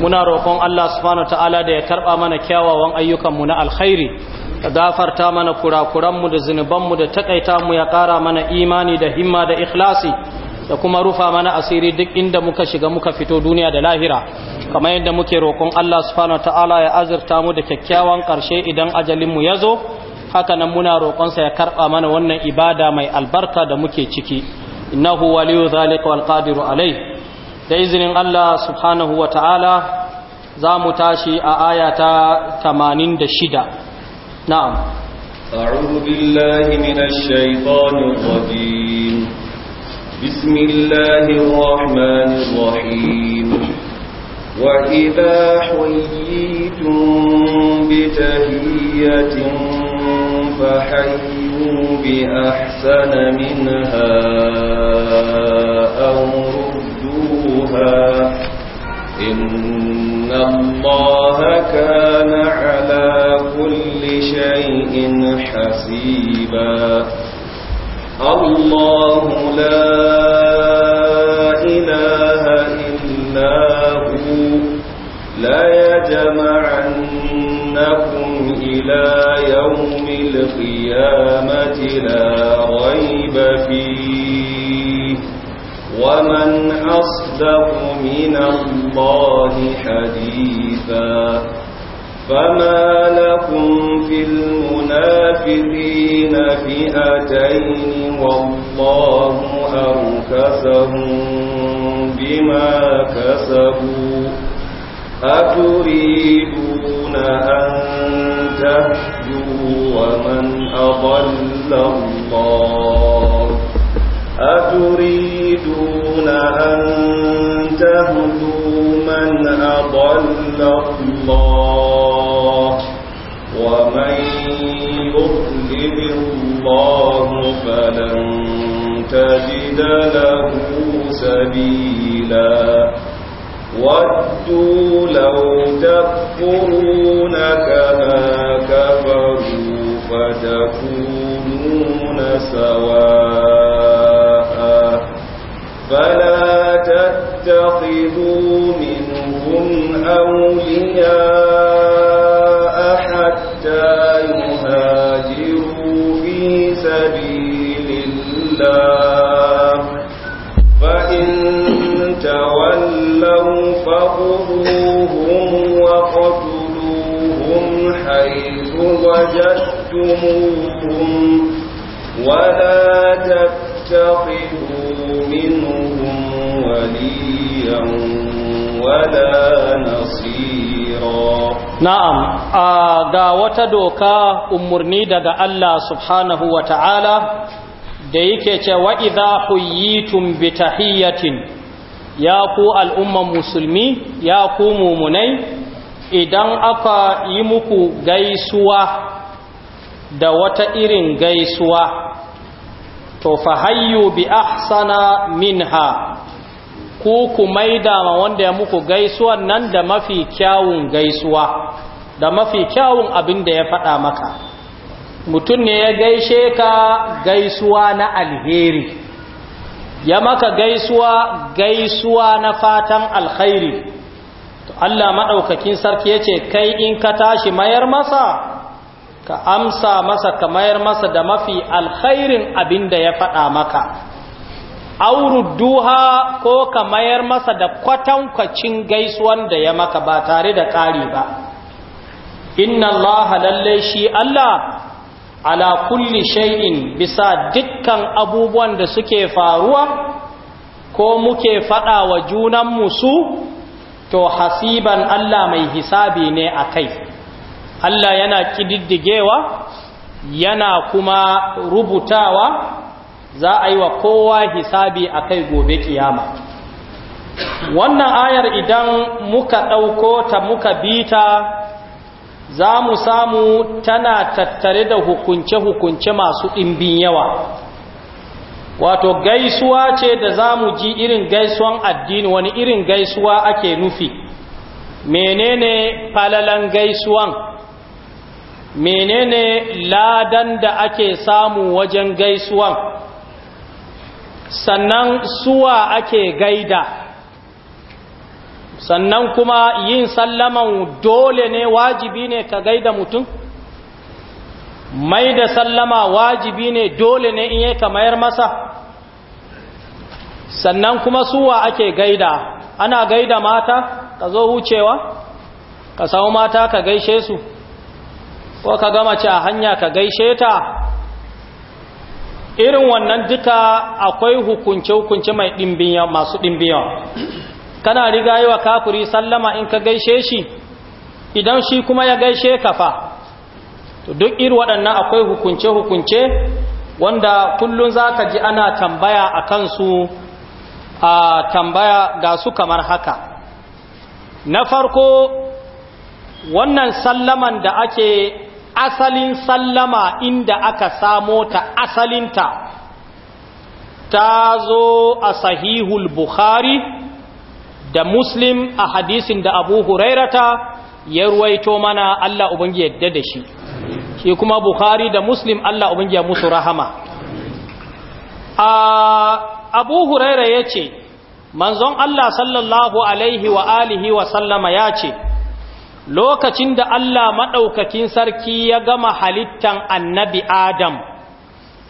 muna roƙon Allah subhanahu ta'ala da ya karɓa mana kyawawan ayyukanmu na alkhairi da gafarta mana kurakuranmu da zunubanmu da takaita mu ya ƙara mana imani da himma da ikhlasi da kuma rufa mana asiri duk inda muka shiga muka fito duniya da lahira kamar yadda muke roƙon Allah subhanahu ta'ala ya azurta mu da kyakkyawan ƙarshe idan ajalinmu ya zo haka nan muna roƙonsa ya karɓa mana wannan ibada mai albarka da muke ciki innahu waliyu zalika wal qadiru alai da izinin Allah subhanahu wa ta'ala za mu tashi a aya ta 86 na'am أعوذ بالله من الشيطان الرجيم بسم الله الرحمن الرحيم وإذا حييتم بتهية فحيوا بأحسن منها أو ردوها إن إن الله كان على كل شيء حسيبا الله لا إله إلا هو لا يجمعنكم إلى يوم القيامة لا ريب فيه ومن أصدق من الله حديثا فما لكم في المنافقين فئتين والله أركسهم بما كسبوا أتريدون أن تهدوا ومن أضل الله أتريدون تريدون أن تهدوا من أضل الله ومن يضلل الله فلن تجد له سبيلا ودوا لو تكفرون كما كفروا فتكونون سواء فلا تتخذوا منهم أولياء حتى يهاجروا في سبيل الله فإن تولوا فخذوهم وقتلوهم حيث وجدتموهم ولا تتخذوا تتخذوا منهم وليا ولا نصيرا نعم ga wata doka umarni daga Allah subhanahu wa ta'ala da yake ce wa idha huyitum bi tahiyatin ya ku al'umman musulmi ya ku mumunai idan aka yi muku gaisuwa da wata irin gaisuwa to fahayyu bi ahsana minha ku ku maida ma wanda ya muku gaisuwan nan da mafi kyawun gaisuwa da mafi kyawun abin da ya faɗa maka mutum ne ya gaishe ka gaisuwa na alheri ya maka gaisuwa gaisuwa na fatan alkhairi to Allah maɗaukakin sarki ya ce kai in ka tashi mayar masa ka amsa masa ka mayar masa da mafi alkhairin abin da ya faɗa maka auru duha ko ka mayar masa da kwatankwacin gaisuwan da ya maka ba tare da ƙari ba inna allaha lalle shi allah ala kulli shay'in bisa dukkan abubuwan da suke faruwa ko muke faɗa wa junanmu su to hasiban allah mai hisabi ne a kai Allah yana kididdigewa yana kuma rubutawa za a yi wa kowa hisabi a kai gobe kiyama wannan ayar idan muka ɗauko ta muka bita za mu samu tana tattare da hukunce-hukunce masu ɗimbin yawa wato gaisuwa ce da za mu ji irin gaisuwan addini wani irin gaisuwa ake nufi menene falalan gaisuwan menene ladan da ake samu wajen gaisuwan sannan suwa ake gaida sannan kuma yin sallaman dole ne wajibi ne ka gaida mutum mai da sallama wajibi ne dole ne in yi mayar masa sannan kuma suwa ake gaida ana gaida mata ka zo wucewa ka samu mata ka gaishe su ko ka gama ce a hanya ka gaishe ta irin wannan duka akwai hukunce-hukunce mai ɗimbiyan masu ɗimbiyan kana riga yi wa kafuri sallama in ka gaishe shi idan shi kuma ya gaishe ka fa to duk irin waɗannan akwai hukunce-hukunce wanda kullum za ka ji ana tambaya a kansu a tambaya ga su kamar haka na farko wannan sallaman da ake asalin sallama inda aka samo ta asalinta ta zo a sahihul bukhari da muslim a hadisin da abu hurairata ya ruwaito mana Allah ubangi yadda da shi shi kuma bukhari da muslim Allah ubangi ya musu rahama abu huraira ya ce manzon Allah sallallahu alaihi wa alihi wa sallama ya ce lokacin da Allah maɗaukakin sarki ya gama halittan annabi Adam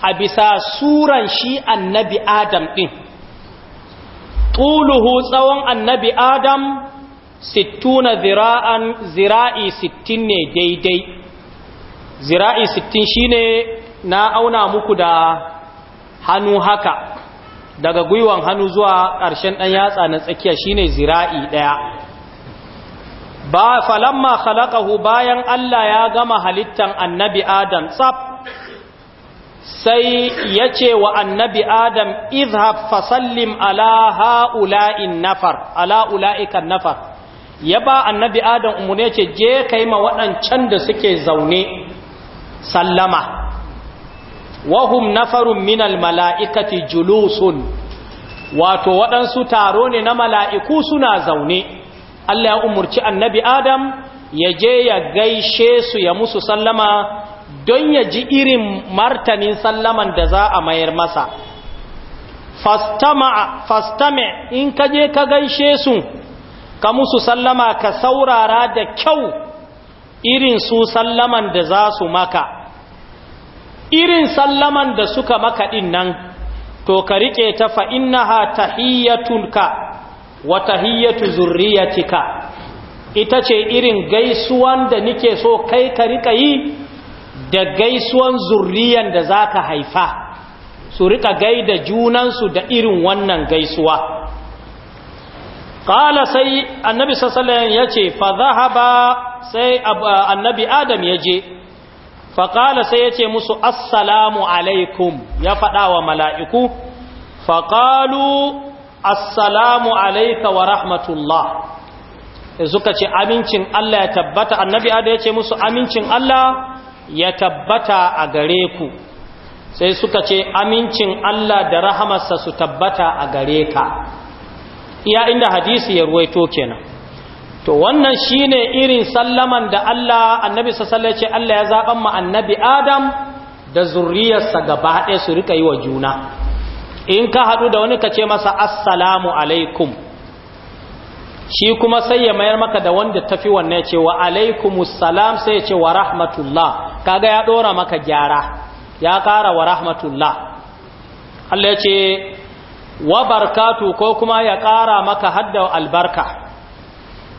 a bisa suran shi annabi Adam ɗin tuluhu tsawon annabi Adam sittuna zira'an zira'i sittin ne daidai zira'i sittin shine na auna muku da hannu haka daga gwiwan hannu zuwa ƙarshen ɗan yatsa na tsakiya shine zira'i ɗaya ba falamma khalaqahu bayan Allah ya gama halittan annabi Adam tsaf sai ya ce wa annabi Adam izhab fasallim ala ha'ula'in nafar ala ula'ikan nafar ya ba annabi Adam umune ce je kai ma waɗancan da suke zaune sallama wahum nafarun minal mala'ikati julusun wato waɗansu taro ne na mala'iku suna zaune Allah ya umarci annabi Adam ya je ya gaishe su ya musu sallama don ya ji irin martanin sallaman da za a mayar masa fastame in ka je ka gaishe su ka musu sallama ka saurara da kyau irin su sallaman da za su maka irin sallaman da suka maka ɗin nan to ka riƙe ta ha ta hiyatunka. wa tahiyyatu zurriyatika ita ce irin gaisuwan da nike so kai ka rika yi da gaisuwan zurriyan da zaka haifa su rika gaida junansu da irin wannan gaisuwa qala sai annabi sallallahu alaihi yace fa zahaba sai annabi adam yaje fa qala sai yace musu assalamu alaikum ya fada wa mala'iku fa qalu assalamu alaika wa rahmatullah suka ce amincin Allah ya tabbata annabi ada ya ce musu amincin Allah ya tabbata a gare ku sai suka ce amincin Allah da rahamarsa su tabbata a gare ka iya inda hadisi ya ruwaito kenan to wannan shine irin sallaman da Allah annabi sallallahu ce Allah ya zaban mu annabi Adam da zurriyarsa gaba ɗaya su rika yi wa juna in ka haɗu da wani ka ce masa assalamu alaikum shi kuma sai ya mayar maka da wanda tafi wannan ya ce wa alaikumussalam sai ya ce wa rahmatullah kaga ya ɗora maka gyara ya ƙara wa rahmatullah Allah ya ce wa barkatu ko kuma ya ƙara maka hadda albarka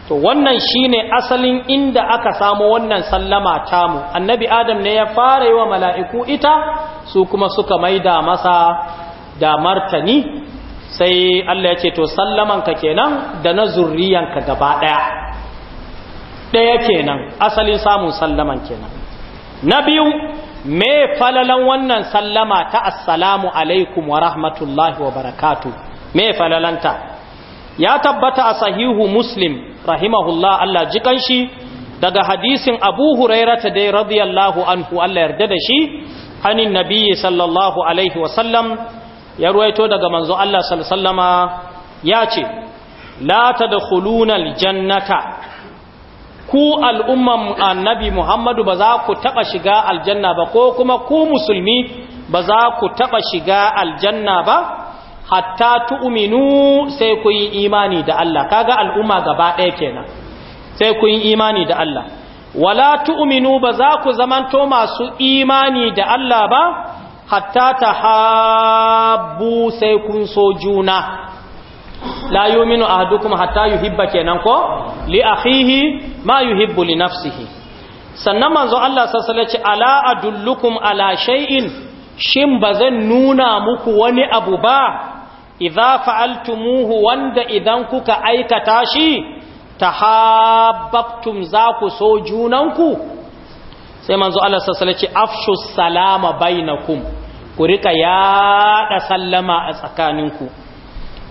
to wannan shine asalin inda aka samu wannan sallama mu. annabi adam ne ya fara yi wa mala'iku ita su kuma suka maida masa da martani sai Allah ya ce to sallamanka kenan da na zurriyanka gaba ɗaya ɗaya kenan asalin samun sallaman kenan na biyu me falalan wannan sallama ta assalamu alaikum wa rahmatullahi wa barakatu me falalanta ya tabbata a sahihu muslim rahimahullah Allah jikan shi daga hadisin abu hurairata dai radiyallahu anhu Allah yarda da shi hanin nabiyyi sallallahu alaihi wa sallam ya ruwaito daga manzo Allah sallama ya ce la tadkhuluna jannata, ku al'umman annabi Muhammadu ba za ku taba shiga aljanna ba ko kuma ku musulmi ba za ku taɓa shiga aljanna ba hatta tu'uminu sai ku yi imani da Allah kaga al'umma gaba ɗaya kenan sai ku yi imani da Allah wala tu'uminu ba za ku zamanto masu imani da Allah ba hatta ta habu sai kun so juna la a hadukuma hatta yuhibba kenan ko li akhihi ma yuhibbu li nafsihi sannan manzo Allah sallallahu ala adullukum ala shay'in shin bazan nuna muku wani abu ba idza fa'altumuhu wanda idan kuka aikata shi tahabbtum za ku so junanku sai manzo Allah sallallahu alaihi wasallam salama bainakum ku rika yaɗa sallama a tsakaninku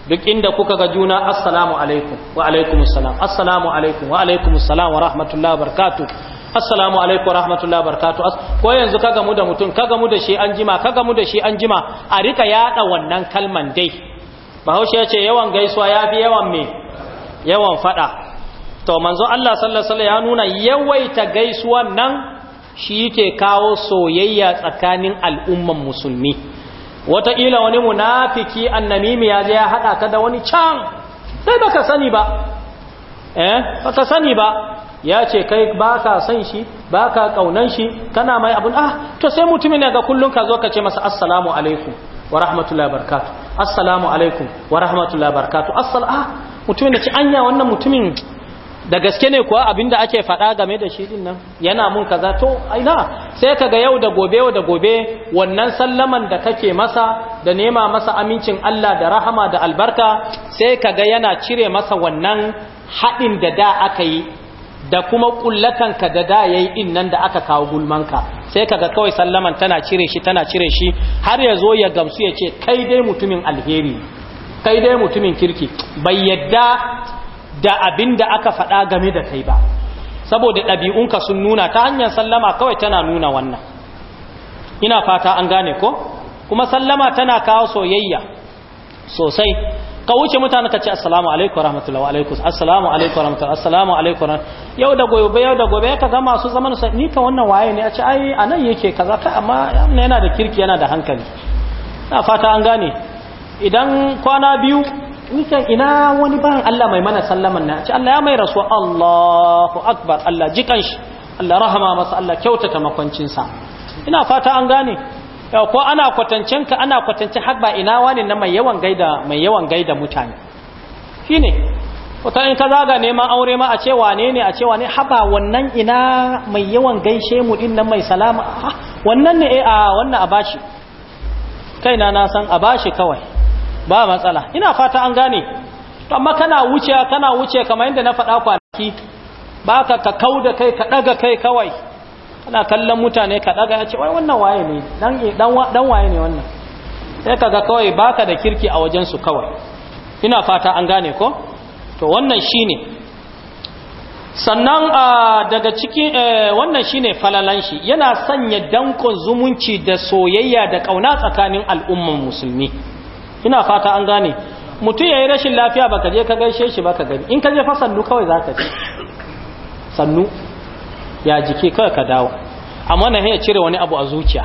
duk inda kuka ga juna assalamu alaikum wa alaikum assalam assalamu alaikum wa alaikum assalam wa rahmatullahi wa barakatuh assalamu alaikum wa rahmatullahi wa barakatuh ko yanzu kaga mu da mutum kaga mu da shi an jima kaga mu da shi an jima a rika yaɗa wannan kalman dai bahaushe ya ce yawan gaisuwa ya fi yawan me yawan fada to manzo Allah sallallahu alaihi wasallam ya nuna yawaita gaisuwan nan shi yake kawo soyayya tsakanin al'umman musulmi wataƙila wani munafiki annamimi ya je ya haɗa ka da wani can sai baka sani ba eh baka sani ba ya ce kai ba ka san shi ba ka ƙaunan shi kana mai abun ah to sai mutumin ne ga kullum ka zo ka ce masa assalamu alaikum wa rahmatullahi barakatu assalamu alaikum wa rahmatullahi barakatu assal ah mutumin da ci anya wannan mutumin da gaske ne kuwa abinda ake faɗa game da shi din nan yana mun kaza to aina sai kaga yau da gobe yau da gobe wannan sallaman da kake masa da nema masa amincin Allah da rahama da albarka sai kaga yana cire masa wannan haɗin da da aka yi da kuma ka da da yayi din nan da aka kawo gulman ka sai kaga kawai sallaman tana cire shi tana cire shi har ya zo ya gamsu ya ce kai dai mutumin alheri kai dai mutumin kirki bai yadda da abin da aka faɗa game da kai ba saboda ɗabi'unka sun nuna ta hanyar sallama kawai tana nuna wannan ina fata an gane ko kuma sallama tana kawo soyayya sosai ka wuce mutane ka ce assalamu alaikum rahmatullahi wa alaikum assalamu alaikum rahmatullahi assalamu alaikum yau da gobe yau da gobe ka ga masu zaman sa ni ka wannan waye ne a ce ai anan yake kaza ka amma yana da kirki yana da hankali na fata an gane idan kwana biyu nikan ina wani bayan Allah mai mana sallaman na ce Allah ya mai rasuwa Allahu akbar Allah jikan shi Allah rahama masa Allah kyautata makwancinsa ina fata an gane ko ana kwatancen ka ana kwatancen har ba ina wani na mai yawan gaida mai yawan gaida mutane shine wata in ka zaga neman aure ma a ce wane ne a ce wane haba wannan ina mai yawan gaishe mu din nan mai salama ah, wannan ne eh, a wannan a bashi kaina na san a bashi kawai ba matsala ina fata an gane amma kana wuce kana wuce kamar yadda na faɗa kwanaki ba ka ka kau da kai ka ɗaga kai kawai kana kallon mutane ka ɗaga ya ce wai wannan waye ne dan waye ne wannan sai ka ga kawai baka da kirki a wajen su kawai ina fata an gane ko to wannan shine sannan daga cikin eh, wannan shine falalan shi yana sanya dankon zumunci da soyayya da kauna tsakanin al'umman musulmi ina fata an gane mutum ya yi rashin lafiya ka je ka gaishe shi ba ka gani in ka je fa sannu kawai za ka ce sannu ya jike kawai ka dawo amma na ya cire wani abu a zuciya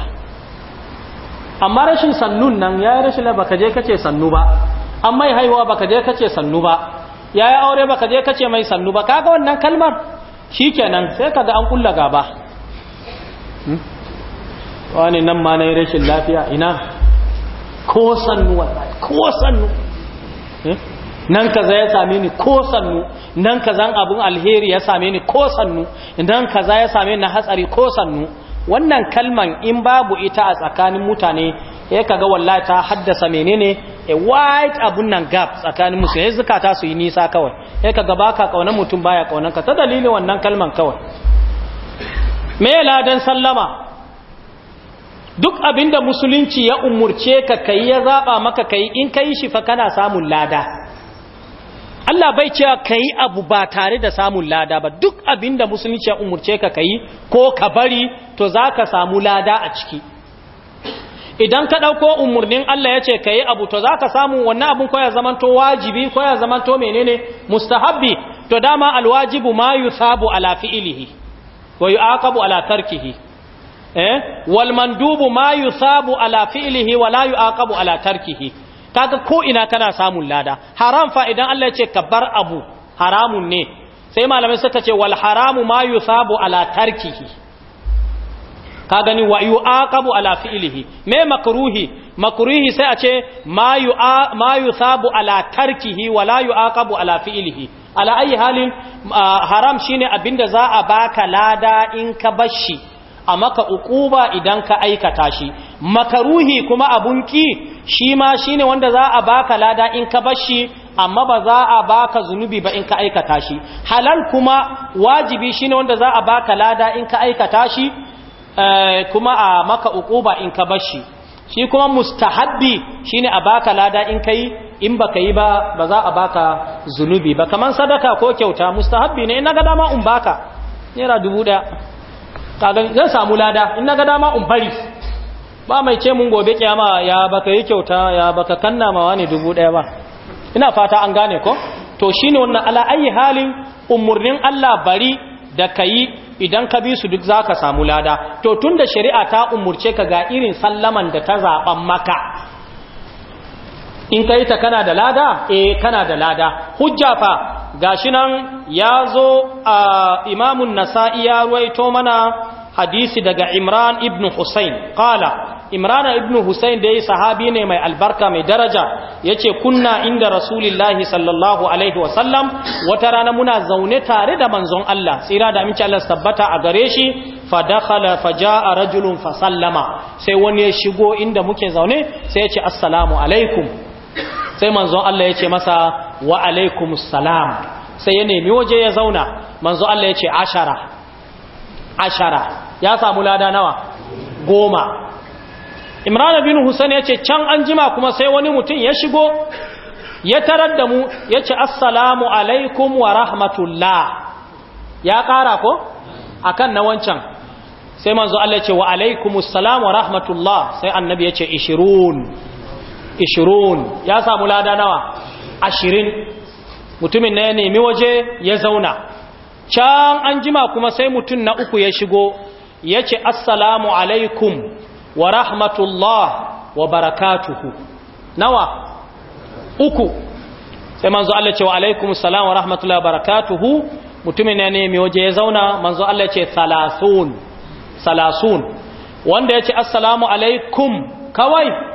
amma rashin sannun nan ya yi rashin lafiya ka je kace sannu ba amma haihuwa ka je kace sannu ba ya yi aure ka je kace mai sannu ba kaga wannan kalmar shi nan sai kaga an kulla gaba hmm? wani nan ma na yi rashin lafiya ina ko sannuwa ko sannu hmm? nan kaza ya same ni ko sannu nan kazan abun alheri ya same ni ko sannu nan kaza ya same ni na hatsari ko sannu wannan kalman in babu ita a tsakanin mutane ya kaga wallahi ta haddasa menene a white abun nan gap tsakanin musu ya zukata su yi nisa kawai ya kaga baka kaunan mutum baya kaunanka ka ta dalilin wannan kalman kawai me ladan sallama duk abinda musulunci ya umurce ka kai ya zaba maka kai in kai shi fa kana samun lada Allah bai cewa kai abu ba tare da samun lada ba duk abinda musulunci ya umurce ka kai ko ka bari to zaka samu lada a ciki idan ka dauko umurnin Allah ya ce kai abu to zaka samu wannan abun ko ya zamanto wajibi ko ya zamanto menene mustahabbi to dama alwajibu ma yusabu ala fi'lihi wa yu'aqabu ala tarkihi eh wal mandubu ma yusabu ala fi'lihi wa la yu'aqabu ala tarkihi kaga ko ina kana samun lada haram fa idan Allah ya ce ka bar abu haramun ne sai malamai suka ce wal haramu ma yusabu ala tarkihi ka gani wa yu'aqabu ala fi'lihi me makruhi makruhi sai a ce ma yu'a ma yusabu ala tarkihi wa la yu'aqabu ala fi'lihi ala ayi halin ah, haram shine abinda za a baka lada in ka bashi a maka ukuba idan ka aikata shi makaruhi kuma abun ki shi ma shine wanda za a baka lada in ka bar shi amma ba za a baka zunubi ba in ka aikata shi halal kuma wajibi shi ne wanda za a baka lada in ka aikata shi eh, kuma a maka ukuba in ka bar shi shi kuma mustahabbi shi ne a baka lada in kai in baka yi ba ba za a baka zunubi ba kamar sadaka ko kyauta mustahabbi ne in ga dama in baka naira dubu daya kagan zan samu lada in ga dama in bari ba mai ce mun gobe kiyama ya baka yi kyauta ya baka kanna mawa ne dubu daya ba ina fata an gane ko to shine wannan ala ayi halin umurnin Allah bari da kayi idan ka bi su duk zaka samu lada to tunda shari'a ta umurce ka ga irin sallaman da ta zaban maka in kai ta kana da lada eh kana da lada hujja fa gashi nan ya zo a imamun nasa'i ya ruwaito mana hadisi daga imran ibn Hussein. qala imran ibn da ya sahabi ne mai albarka mai daraja yace kunna inda rasulillahi sallallahu alaihi wasallam wata rana muna zaune tare da manzon Allah tsira da aminci Allah tabbata a gare shi fa dakhala fa jaa rajulun fa sallama sai wani ya shigo inda muke zaune sai ya ce assalamu alaikum sai manzon Allah ya ce masa wa alaikumus salam sai ya nemi waje ya zauna manzon Allah ya ce ashara ashara ya samu lada nawa goma imran bin husain ya ce can an jima kuma sai wani mutum ya shigo ya tarar da mu ya ce assalamu alaikum wa rahmatullah ya kara ko akan na wancan sai manzo Allah ya ce wa alaikumus salam wa rahmatullah sai annabi ya ce ishirun ya samu lada nawa ashirin mutumin na ya nemi waje ya zauna can an jima kuma sai mutum na uku ya shigo ya ce assalamu alaikum wa rahmatullah wa barakatuhu nawa uku sai manzo Allah ce wa alaikum salam wa rahmatullah wa barakatuhu mutumin ya nemi waje ya zauna manzo Allah ce salasun salasun wanda ya ce assalamu alaikum kawai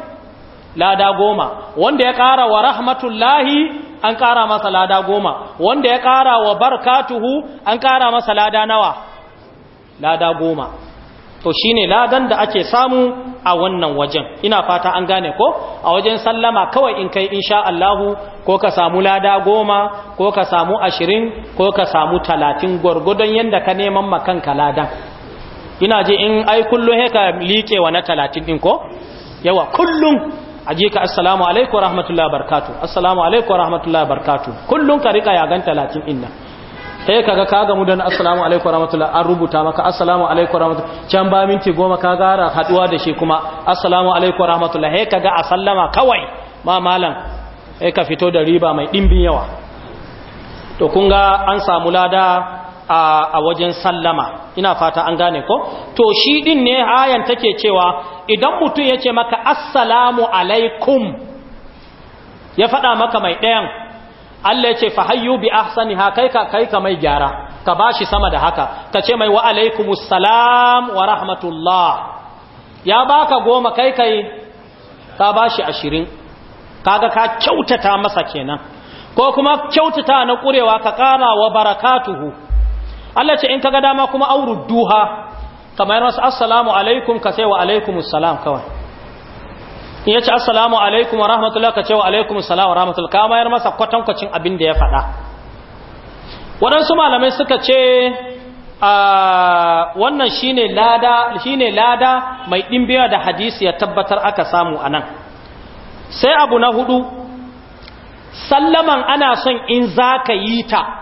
lada goma wanda ya ƙara wa rahmatullahi an ƙara masa lada goma wanda ya ƙara wa barkatuhu an ƙara masa lada nawa lada goma to shine ladan da ake samu a wannan wajen ina fata an gane ko a wajen sallama kawai in kai insha Allahu ko ka samu lada goma ko ka samu ashirin ko ka samu talatin gurgudan yanda ka neman makanka ladan ina je in ai kullum heka liƙewa na talatin ɗin ko yawa kullum aje ka assalamu alaikum wa rahmatullahi barkatu assalamu alaikum wa rahmatullahi barkatu kullun ka rika yagan ganta latin inna sai kaga ka gamu dan assalamu alaikum wa rahmatullahi an rubuta maka assalamu alaikum wa rahmatullahi can ba minti goma ka gara haduwa da shi kuma assalamu alaikum wa rahmatullahi sai kaga a sallama kawai ma malam sai ka fito da riba mai dimbin yawa to kun ga an samu lada a wajen sallama ina fata an gane ko to shi din ne ayan take cewa idan mutum ya ce maka assalamu alaikum ya faɗa maka mai ɗayan Allah ya ce fa hayyu bi ahsani ha kai ka kai ka mai gyara ka bashi sama da haka ka ce mai wa alaikumus salam wa rahmatullah ya baka goma kai kai ka bashi ashirin kaga ka kyautata masa kenan ko kuma kyautata na ƙurewa ka ƙara wa barakatuhu Allah ce in kaga dama kuma auru duha kamar wasu assalamu alaikum ka sai wa alaikum salam kawai in yace assalamu alaikum wa rahmatullahi ka ce wa alaikum salam wa rahmatullahi ka mayar masa kwacin abin da ya faɗa waɗansu malamai suka ce ah, wannan shine lada shine lada mai dimbiya da hadisi ya tabbatar aka samu anan sai abu na hudu sallaman ana son in zaka yi ta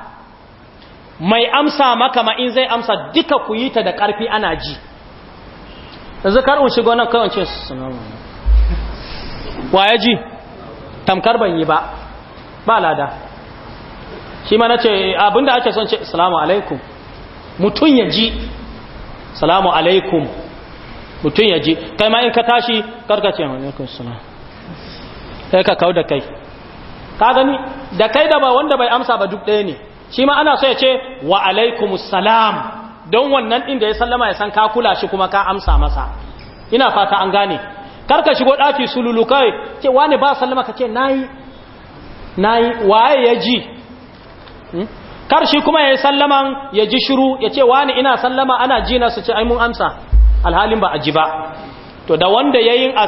mai amsa maka ma in zai amsa duka ku yi ta da ƙarfi ana ji yanzu kar in shigo nan kawai ce wa ya ji tamkar ban yi ba ba lada shi ma na ce abinda ake son ce salamu alaikum mutum ya ji salamu alaikum mutum ya ji kai ma in ka tashi karkace alaikum salam kai ka kau da kai ka gani da kai da ba wanda bai amsa ba duk ɗaya ne shi ma ana so ya ce wa alaikumus don wannan inda ya sallama ya san ka kula shi kuma ka amsa masa ina fata an gane karka shigo daki sululu kai ce wani ba sallama ka ce nayi nayi waye ya ji hmm? kar shi kuma ya yi sallaman ya ji shiru ya ce wani ina sallama ana ji na su ce ai mun amsa alhalin ba a ji ba to da wanda ya yi a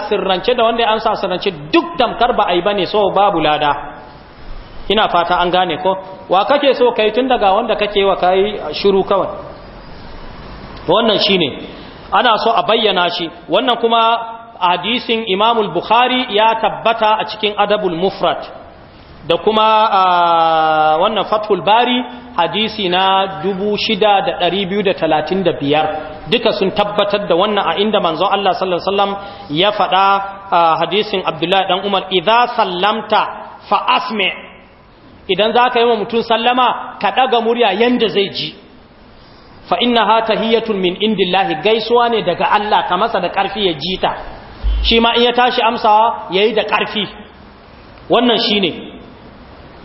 da wanda ya amsa a duk damkar ba a yi ba ne so babu lada ina fata an gane ko wa kake so kai tun daga wanda kake wa kai shiru kawai wannan shine ana so a bayyana shi wannan kuma hadisin imamul bukhari ya tabbata a cikin adabul mufrad da kuma wannan fathul bari hadisi na 6,235 duka sun tabbatar da wannan a inda manzon Allah sallallahu Alaihi wasallam ya faɗa hadisin abdullahi Dan umar idha sallamta fa asme idan za ka yi wa mutum sallama ka ɗaga murya yanda zai ji fa inna ha hiyatun min indillahi gaisuwa ne daga Allah ka masa da ƙarfi ya ji ta shi ma in ya tashi amsawa ya yi da ƙarfi wannan shi ne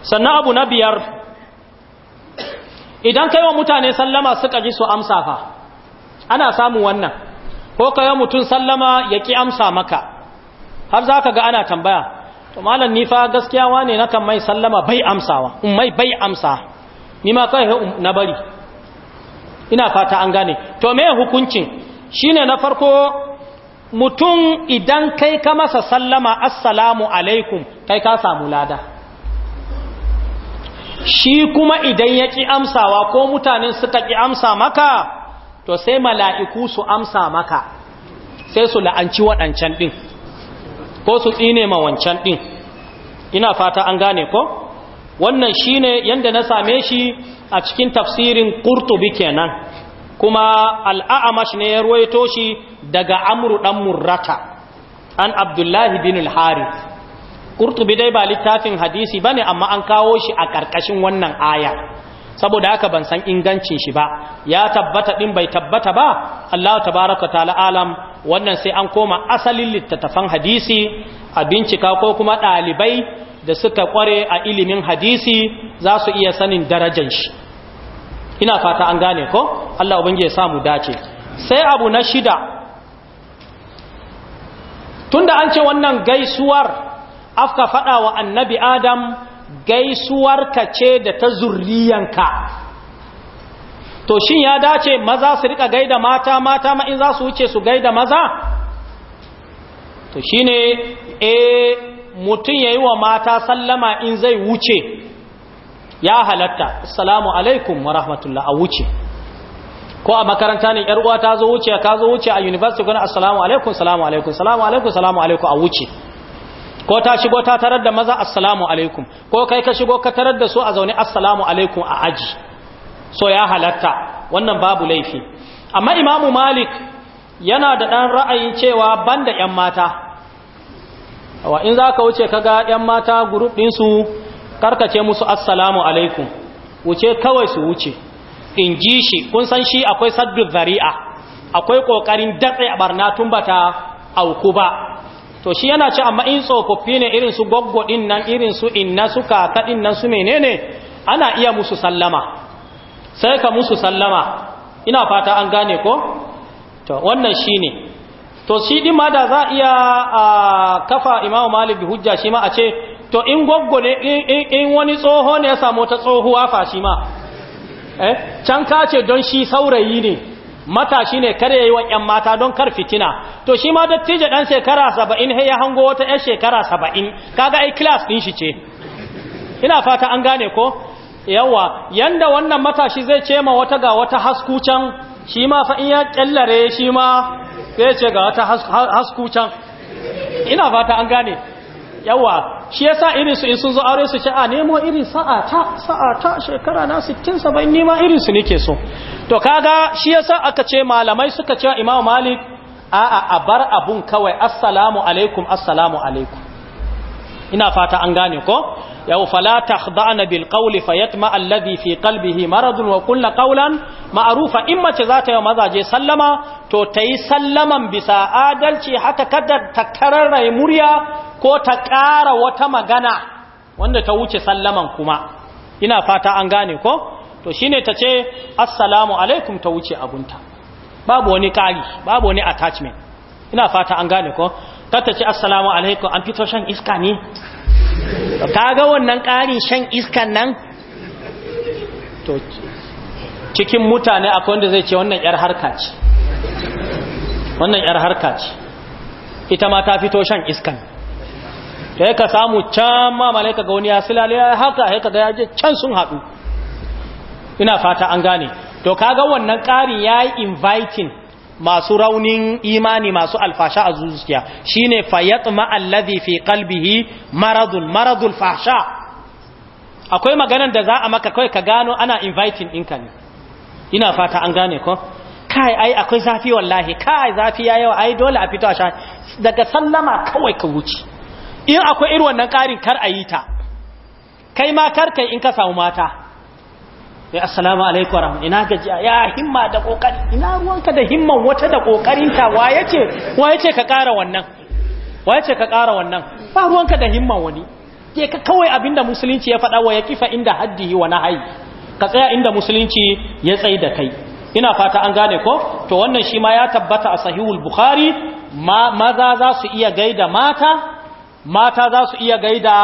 sannan abu na biyar idan ka yi wa mutane sallama suka ji su amsa fa ana samun wannan ko ka yi mutum sallama ya ƙi amsa maka har za ka ga ana tambaya to malam ni fa gaskiya wane na kan mai sallama bai amsawa in mai bai amsa ni ma kai um, na bari ina fata an gane to me hukuncin shine na farko mutum idan kai ka masa sallama assalamu alaikum kai ka samu lada shi kuma idan ya ki amsawa ko mutanen suka ki amsa maka to sai mala'iku su amsa maka sai su la'anci waɗancan ɗin ko su tsine ma wancan ɗin ina fata an gane ko wannan shine yanda na same shi a cikin tafsirin ƙurtubi kenan kuma al'a'amash ne ya ruwaito shi daga amru ɗan murrata an abdullahi bin al-harith ƙurtubi dai ba littafin hadisi ba amma an kawo shi a ƙarƙashin wannan aya saboda haka ban san ingancin shi ba ya tabbata din bai tabbata ba Allah tabaraka ta'ala alam wannan sai an koma asalin littattafan hadisi a bincika ko kuma ɗalibai da suka kware a ilimin hadisi za su iya sanin darajan shi ina fata an gane ko Allah ubangiye ya samu dace sai abu na shida tunda an ce wannan gaisuwar afka faɗawa wa annabi adam Gaisuwar ka ce da ta zurriyanka to shin ya dace maza su rika gaida mata mata ma in za su wuce su gaida maza to shine eh mutum yayi wa mata sallama in zai wuce ya halatta assalamu alaikum wa rahmatullah a wuce ko a makaranta ne yar uwa ta zo wuce ka zo wuce a university gona assalamu alaikum salamu alaikum salamu alaikum salamu alaikum a wuce ko ta shigo ta tarar da maza assalamu alaikum ko kai ka shigo ka tarar da su a zaune assalamu alaikum a aji so ya halatta wannan babu laifi amma imamu malik yana da ɗan ra'ayin cewa banda 'yan mata wa in za ka wuce kaga 'yan mata gurup ɗinsu karkace musu assalamu alaikum wuce kawai su wuce in ji shi kun san shi akwai saddu zari'a akwai ƙoƙarin datse a barna tun bata auku ba to shi yana ce amma in tsofaffi ne irin su goggo din nan irin su inna su kaka din nan su menene ana iya musu sallama sai ka musu sallama ina fata an gane ko to wannan shine to shi din ma da za iya kafa imamu malik bi hujja shi ma a ce to in goggo ne in wani tsoho ne ya samu ta tsohuwa fa shi ma eh can ka ce don shi saurayi ne matashi ne kar yi wa ƴan mata don kar fitina to shi ma dattijo ɗan shekara saba'in ya hango wata ƴan shekara saba'in kaga ai class din shi ce ina fata an gane ko yawa yanda wannan matashi zai ce ma wata ga wata haskucan shi ma fa in ya kyallare shi ma zai ce ga wata haskucan ina fata an gane yawa shi yasa irin su in sun zo aure su ce a nemo irin sa'a ta sa'a ta shekara na 60 70 nima irin su nake so to kaga shi yasa aka ce malamai suka ce Imam Malik a a a bar abun kawai assalamu alaikum assalamu alaikum ina fata an gane ko yau fala takhda'na bil qawli fayatma alladhi fi qalbihi maradun wa kullu qawlan ma'arufa in mace za ta yi mazaje sallama to ta yi sallaman bisa adalci haka kada ta kararrai murya ko ta ƙara wata magana wanda ta wuce sallaman kuma ina fata an gane ko to shine ta ce assalamu alaikum ta wuce abunta babu wani ƙari babu wani attachment ina fata an gane ko ta ce assalamu alaikum an fito shan iska ne kaga wannan ƙarin shan iskan nan to cikin mutane akwai wanda zai ce wannan yar harka ce wannan yar harka ce ita ma ta fito shan iskan da ka samu can ma malaika ga wani ya silale ya haka ya ga ya can sun haɗu ina fata an gane to kaga wannan ƙarin ya yi inviting masu raunin imani masu alfasha a zuciya shine fayatma allazi fi qalbihi maradun maradul fasha akwai maganar da za a maka kai ka gano ana inviting ɗinka ne ina fata an gane ko kai ai akwai zafi wallahi kai zafi ya yawa ai dole a fito a sha daga sallama kawai ka wuce in akwai irin wannan ƙarin kar a yi ta kai ma kar kai in ka samu mata ya eh, assalamu alaikum rahmat ina gajiya ya himma da kokari ina ruwanka da himman wata da kokarinta wa yace wa yace ka kara wannan wa yace ka kara wannan ba ruwanka da himman wani ke ka kawai abinda musulunci ya faɗa wa ya kifa inda haddihi wa nahayi ka tsaya inda musulunci ya tsayi da kai ina fata an gane ko to wannan shi ma ya tabbata a sahihul bukhari ma maza za su iya gaida mata mata za su iya gaida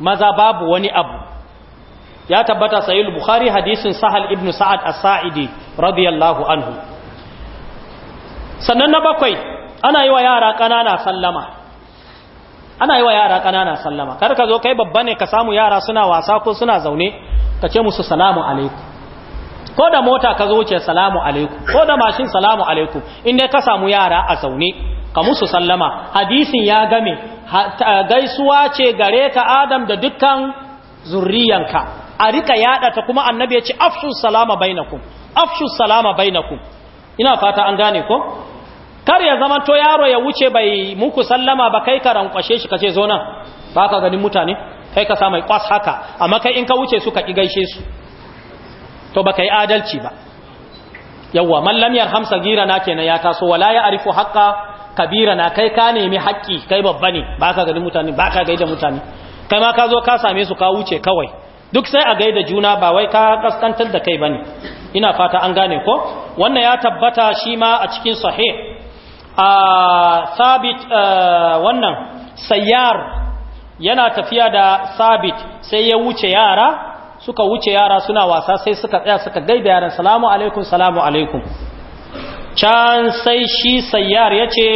maza babu wani abu ya tabbata sahih bukhari hadisin sahal ibn sa'ad as-sa'idi radiyallahu anhu sannan na bakwai ana yi wa yara ƙanana sallama ana yi wa yara kanana sallama kar ka zo kai babba ne ka samu yara suna wasa ko suna zaune ka ce musu salamu alaikum ko da mota ka zo wuce salamu alaikum ko da mashin salamu alaikum in dai ka samu yara a zaune ka musu sallama hadisin ya game gaisuwa ce gare ka adam da dukkan zurriyanka a rika yada ta kuma annabi ya ce afshu salama bainakum afshu salama bainakum ina fata an gane ko kar ya zama to yaro ya wuce bai muku sallama ba kai ka rankwashe shi kace zo nan ba ka ganin mutane kai ka sa mai kwas haka amma kai in ka wuce su ka ki gaishe su to ba kai adalci ba yawwa man lam yarham sagira na kenan ya taso wala ya arifu haqqa kabira na kai ka nemi haƙƙi kai babba ne ba ka ganin mutane ba ka gaida mutane kai ma ka zo ka same su ka wuce kawai duk sai a gaida juna ba wai ka kaskantar da kai bane ina fata an gane ko wannan ya tabbata shi ma a cikin sahih a sabit wannan sayyar yana tafiya da sabit sai ya wuce yara suka wuce yara suna wasa sai suka tsaya suka gaida yaran salamu alaikum salamu alaikum can sai shi sayyar yace ce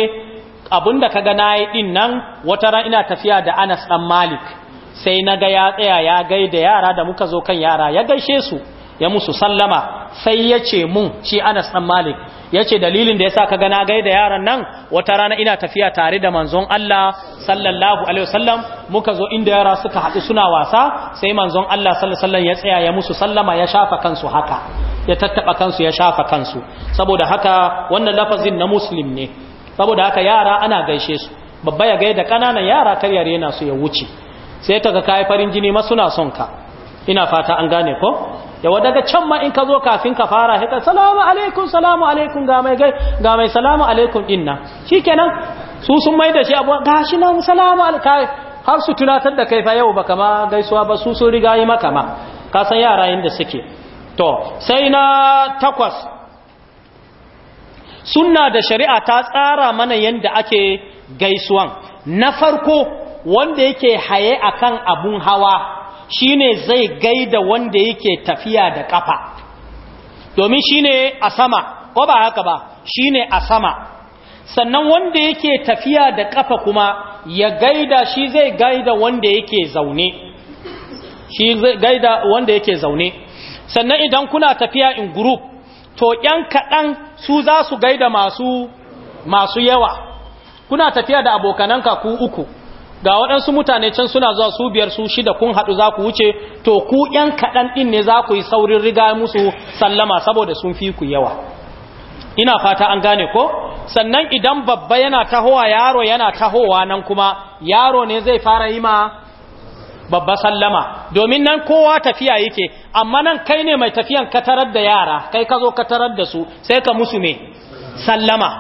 abinda ka ga na nan wata ran ina tafiya da anas ɗan malik sai na ga ya tsaya ya gaida yara da muka zo kan yara ya gaishe su ya musu sallama sai ya ce mun shi anas dan malik ya ce dalilin da yasa sa ka na gaida yaran nan wata rana ina tafiya tare da manzon Allah sallallahu alaihi wasallam muka zo inda yara suka haɗu suna wasa sai manzon Allah sallallahu alaihi wasallam ya tsaya ya musu sallama ya shafa kansu haka ya tattaba kansu ya shafa kansu saboda haka wannan lafazin na muslim ne saboda haka yara ana gaishe su babba ya gaida kananan yara kar ya rena su ya wuce sai ga kai farin jini ma suna son ka ina fata an gane ko yawa daga can ma in ka zo kafin ka fara haka salamu alaikum salamu alaikum ga mai gai ga mai salamu alaikum inna shikenan su sun mai da shi abu gashi nan salamu alkai har su tunatar da kai fa yau baka ma gaisuwa ba su sun riga yi maka ma ka san yara inda suke to sai na takwas sunna da shari'a ta tsara mana yanda ake gaisuwan na farko wanda yake haye akan abun hawa shine zai gaida wanda yake tafiya da kafa domin shine a sama ko ba haka ba shine a sama sannan wanda yake tafiya da kafa kuma ya gaida shi zai gaida wanda yake zaune shi zai gaida wanda yake zaune sannan idan kuna tafiya in group to ƴan kaɗan su za su gaida masu masu yawa kuna tafiya da abokananka ku uku ga waɗansu mutane can suna zuwa su biyar su shida kun haɗu za ku wuce to ku ‘yan kaɗan ɗin ne za ku yi saurin riga musu sallama saboda sun fi ku yawa ina fata an gane ko sannan idan babba yana tahowa yaro yana tahowa nan kuma yaro ne zai fara yi ma babba sallama domin nan kowa tafiya yake amma nan kai ne mai tafiyan katarar da yara kai ka zo katarar da su sai ka musu me sallama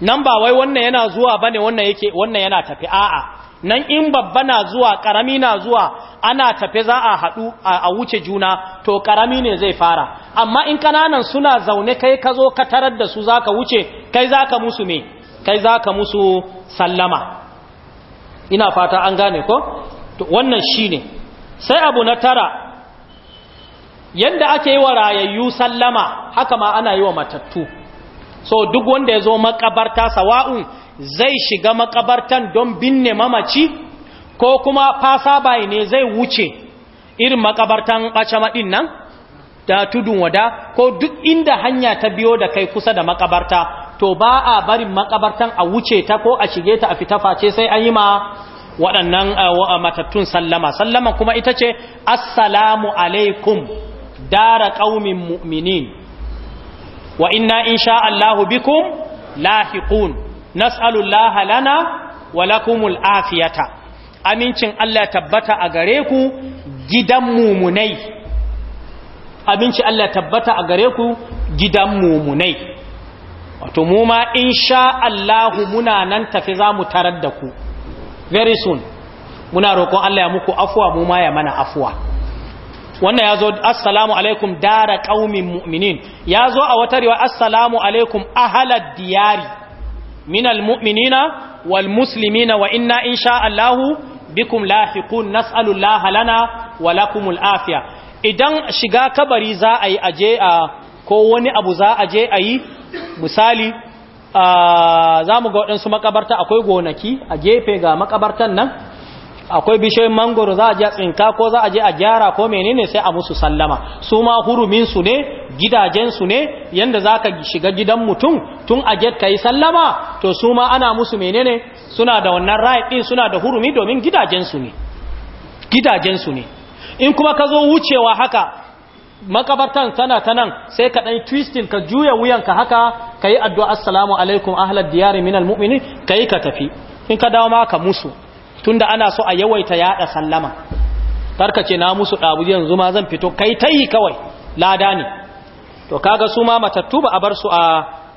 nan ba wai wannan yana zuwa bane wannan yake wannan yana tafi a'a nan in babba na zuwa ƙarami na zuwa ana tafe za a haɗu a wuce juna to ƙarami ne zai fara amma in kananan suna zaune kai ka zo ka tarar da su zaka wuce kai zaka musu me kai zaka musu sallama ina fata an gane ko to wannan shine sai abu na tara yadda ake yi wa rayayyu sallama haka ma ana yi wa matattu so duk wanda ya zo makabarta sawa'un zai shiga makabartan don binne mamaci ko kuma fasa bai ne zai wuce irin makabartan maɗin nan da tudun wada ko duk inda hanya ta biyo da kai kusa da makabarta to ba a barin makabartan a wuce ta ko a shige ta a fita face sai an yi ma waɗannan matattun sallama sallama kuma ita ce assalamu alaikum dara ƙaumin mu'minin wa inna insha Allahu bikum lahiqun nas'alullaha lana wa lakumul afiyata amincin Allah tabbata a gare ku gidan mumunai aminci Allah tabbata a gare ku gidan mumunai wato mu ma insha Allah muna nan tafi zamu tarar da ku very soon muna roƙon Allah ya muku afuwa mu ma ya mana afuwa wannan yazo assalamu alaikum dara qaumin mu'minin yazo a wata riwa assalamu alaikum ahalad diyari minal mu'minina wal muslimina wa inna insha Allahu bikum lahiqun nas'alullaha lana wa lakumul afiya idan shiga kabari za a yi aje a ko wani abu za a je a yi misali za mu ga waɗansu makabarta akwai gonaki a gefe ga makabartan nan akwai bishiyoyin mangoro za a je a tsinka ko za a je a gyara ko menene sai a musu sallama su ma hurumin su ne gidajen su ne yanda zaka shiga gidan mutum tun a ka kai sallama to su ma ana musu menene suna da wannan rai ɗin suna da hurumi domin gidajensu ne Gidajensu ne in kuma ka zo wucewa haka makabartan tana ta nan sai ka ɗan twistin ka juya wuyanka haka ka yi addu'a assalamu alaikum ahalar diyari minal mu'mini ka yi ka tafi in ka dawo ma ka musu tunda ana so a yawaita yada sallama tarka na musu dabu yanzu ma zan fito kai tayi kawai lada ne to kaga su ma matattu ba a bar su a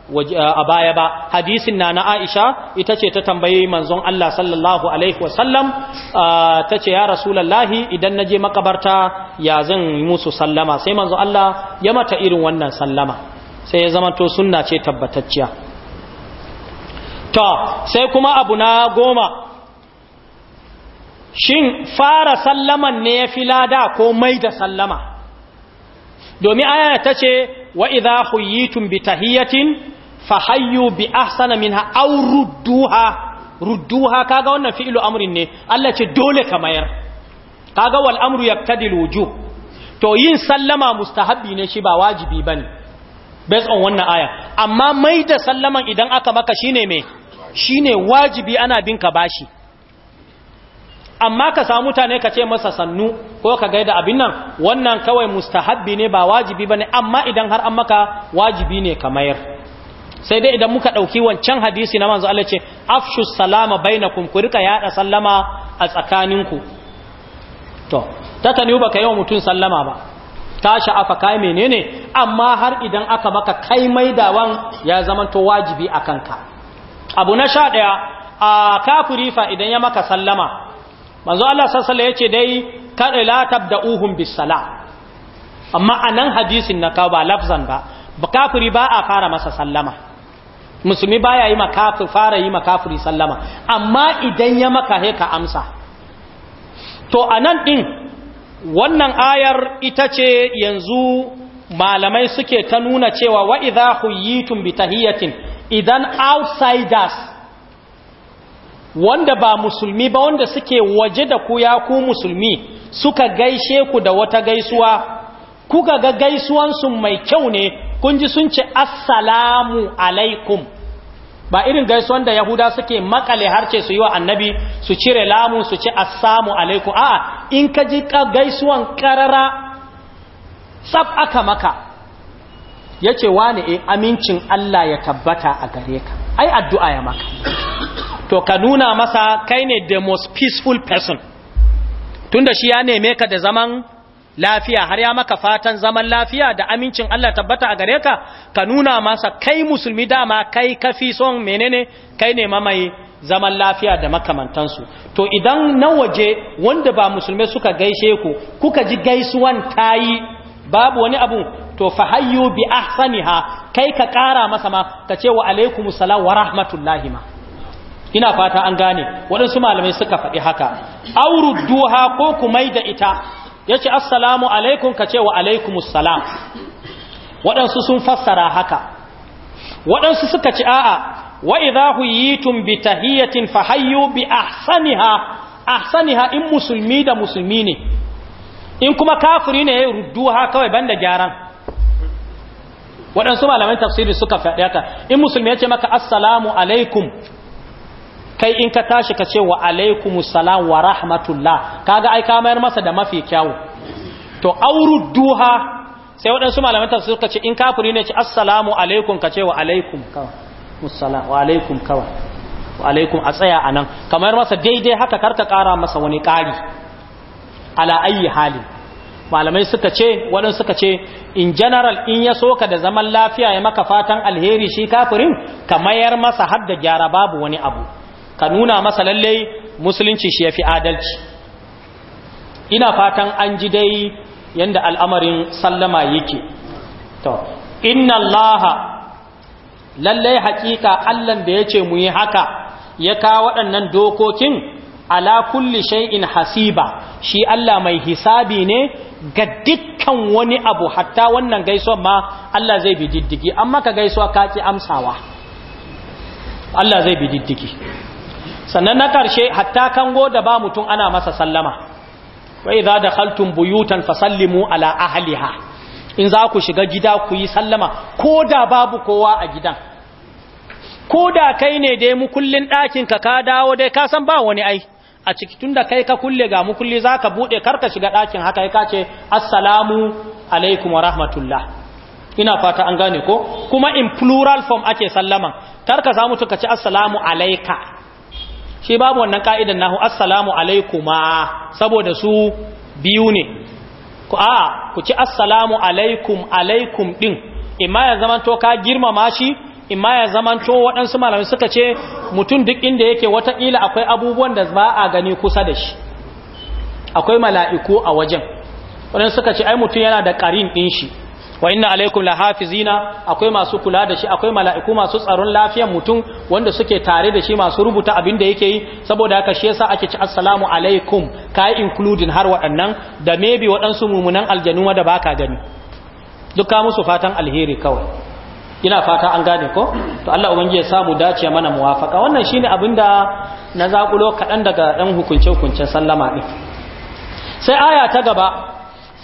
a baya ba hadisin na na aisha ita ce ta tambayi manzon Allah sallallahu alaihi wasallam ta ce ya rasulallahi idan na je makabarta ya zan musu sallama sai manzon Allah ya mata irin wannan sallama sai ya zamanto sunna ce tabbatacciya ta sai kuma abu na goma shin fara sallaman ne ya fi lada ko mai da sallama domin aya ta ce wa idha huyitum bi tahiyatin fahayyu bi ahsana minha aw rudduha rudduha kaga wannan fi'lu amrin ne Allah ce dole ka mayar kaga wal amru yaqtadi al wujub to yin sallama mustahabbi ne shi ba wajibi bane based on wannan aya amma mai da sallaman idan aka maka shine me shine wajibi ana bin ka bashi amma ka samu mutane ka ce masa sannu ko ka gaida abin nan wannan kawai mustahabbi ne ba wajibi ba ne. amma idan har an maka wajibi ne ka mayar sai dai idan muka ɗauki wancan hadisi na manzo Allah ce afshu salama bainakum ku rika yada sallama a tsakaninku to ta taka ne baka yawa mutun sallama ba Tasha afa kai menene amma har idan aka maka kai mai dawan ya zama to wajibi akan ka abu na sha daya a kafiri fa idan ya maka sallama manzo Allah sassala ya ce dai kada la tabda'uhum bis-sala amma anan hadisin na ka ba lafzan ba kafiri ba a fara masa sallama musulmi baya yi makafi fara yi makafiri sallama amma idan ya maka he ka amsa to a nan ɗin wannan ayar ita ce yanzu malamai suke ta nuna cewa wa idza huyitum bi idan outsiders wanda ba musulmi ba wanda suke waje da ku ya ku musulmi suka gaishe ku da wata gaisuwa kuka ga gaisuwansu mai kyau ne kun ji sun ce assalamu alaikum ba irin gaisuwan da yahuda suke makale harce su yi wa annabi su cire lamu su ce assamu alaikum a'a in ka ji gaisuwan karara tsab aka maka ya ce wani e eh, amincin Allah ya tabbata a gare ka ai addu'a ya maka to ka nuna masa kai ne the most peaceful person tunda shi ya neme ka da zaman lafiya har ya maka fatan zaman lafiya da amincin Allah tabbata a gare ka ka nuna masa kai musulmi dama kai kafi son menene kai ne mai zaman lafiya da makamantansu to idan na waje wanda ba musulmai suka gaishe ku kuka ji gaisuwan tayi babu wani abu to fa bi ahsaniha kai ka kara masa ma ka ce wa alaikumus salam wa rahmatullahi ma ina fata an gane waɗansu malamai suka faɗi haka auru duha ko ku mai da ita ya ce assalamu alaikum ka ce wa alaikumussalam waɗansu sun fassara haka waɗansu suka ci a'a wa idha huyitum bi tahiyatin fahayyu bi ahsaniha ahsaniha in musulmi da musulmi ne in kuma kafiri ne ya rudduha kawai banda gyaran waɗansu malamai tafsiri suka faɗi haka in musulmi ya ce maka assalamu alaikum kai in ka tashi ka ce wa salam wa rahmatullah kaga ai ka mayar masa da mafi kyawu to auru sai waɗansu malaman tafsir suka ce in kafiri ne ce assalamu alaikum ka ce wa alaikum kawai wa alaikum kawa. wa alaikum a tsaya a nan kamar masa daidai haka karka kara masa wani kari ala ayi hali malamai suka ce wadansu suka ce in general in ya soka da zaman lafiya ya maka fatan alheri shi kafirin ka mayar masa har da gyara babu wani abu ka nuna masa lallai musulunci shi ya fi adalci ina fatan an ji dai yadda al'amarin sallama yake to inna allaha lallai hakika allan da yace ce mu yi haka ya kawo waɗannan dokokin ala kulli shay'in hasiba shi Allah mai hisabi ne ga dukkan wani abu hatta wannan gaisuwa ma Allah zai bi diddigi amma ka gaisuwa ki amsawa Allah zai bi diddigi sannan na ƙarshe hatta kan goda ba mutum ana masa sallama wai za da haltun buyutan fasallimu ala ahaliha in za ku shiga gida ku yi sallama ko da babu kowa a gidan ko da kai ne dai mukullin ɗakinka ka dawo dai ka san ba wani ai a ciki tun da kai ka kulle ga mukulli za ka buɗe karka shiga ɗakin haka ka ce assalamu alaikum wa rahmatullah ina fata an gane ko kuma in plural form ake sallama karka za mu tuka ci assalamu alaika shi babu wannan ka'idan nahu assalamu alaikuma saboda su biyu ne ku a ku ci assalamu alaikum alaikum din imma ya zamanto ka girmama shi imma ya zamanto waɗansu malamai suka ce mutum duk inda yake wataƙila akwai abubuwan da ba a gani kusa da shi akwai mala'iku a wajen waɗansu suka ce ai mutum yana da ƙarin ɗin shi wa inna alaikum lahafizina akwai masu kula da shi akwai mala'iku masu tsaron lafiyar mutum wanda suke tare da shi masu rubuta abin da yake yi saboda haka shi yasa ake ci assalamu alaikum kai including har waɗannan da maybe waɗansu mumunan aljanu da baka gani duka musu fatan alheri kawai ina fata an gane ko to Allah ubangiji ya samu dace mana muwafaka wannan shine abinda na zakulo kadan daga dan hukunce hukuncen sallama din sai aya ta gaba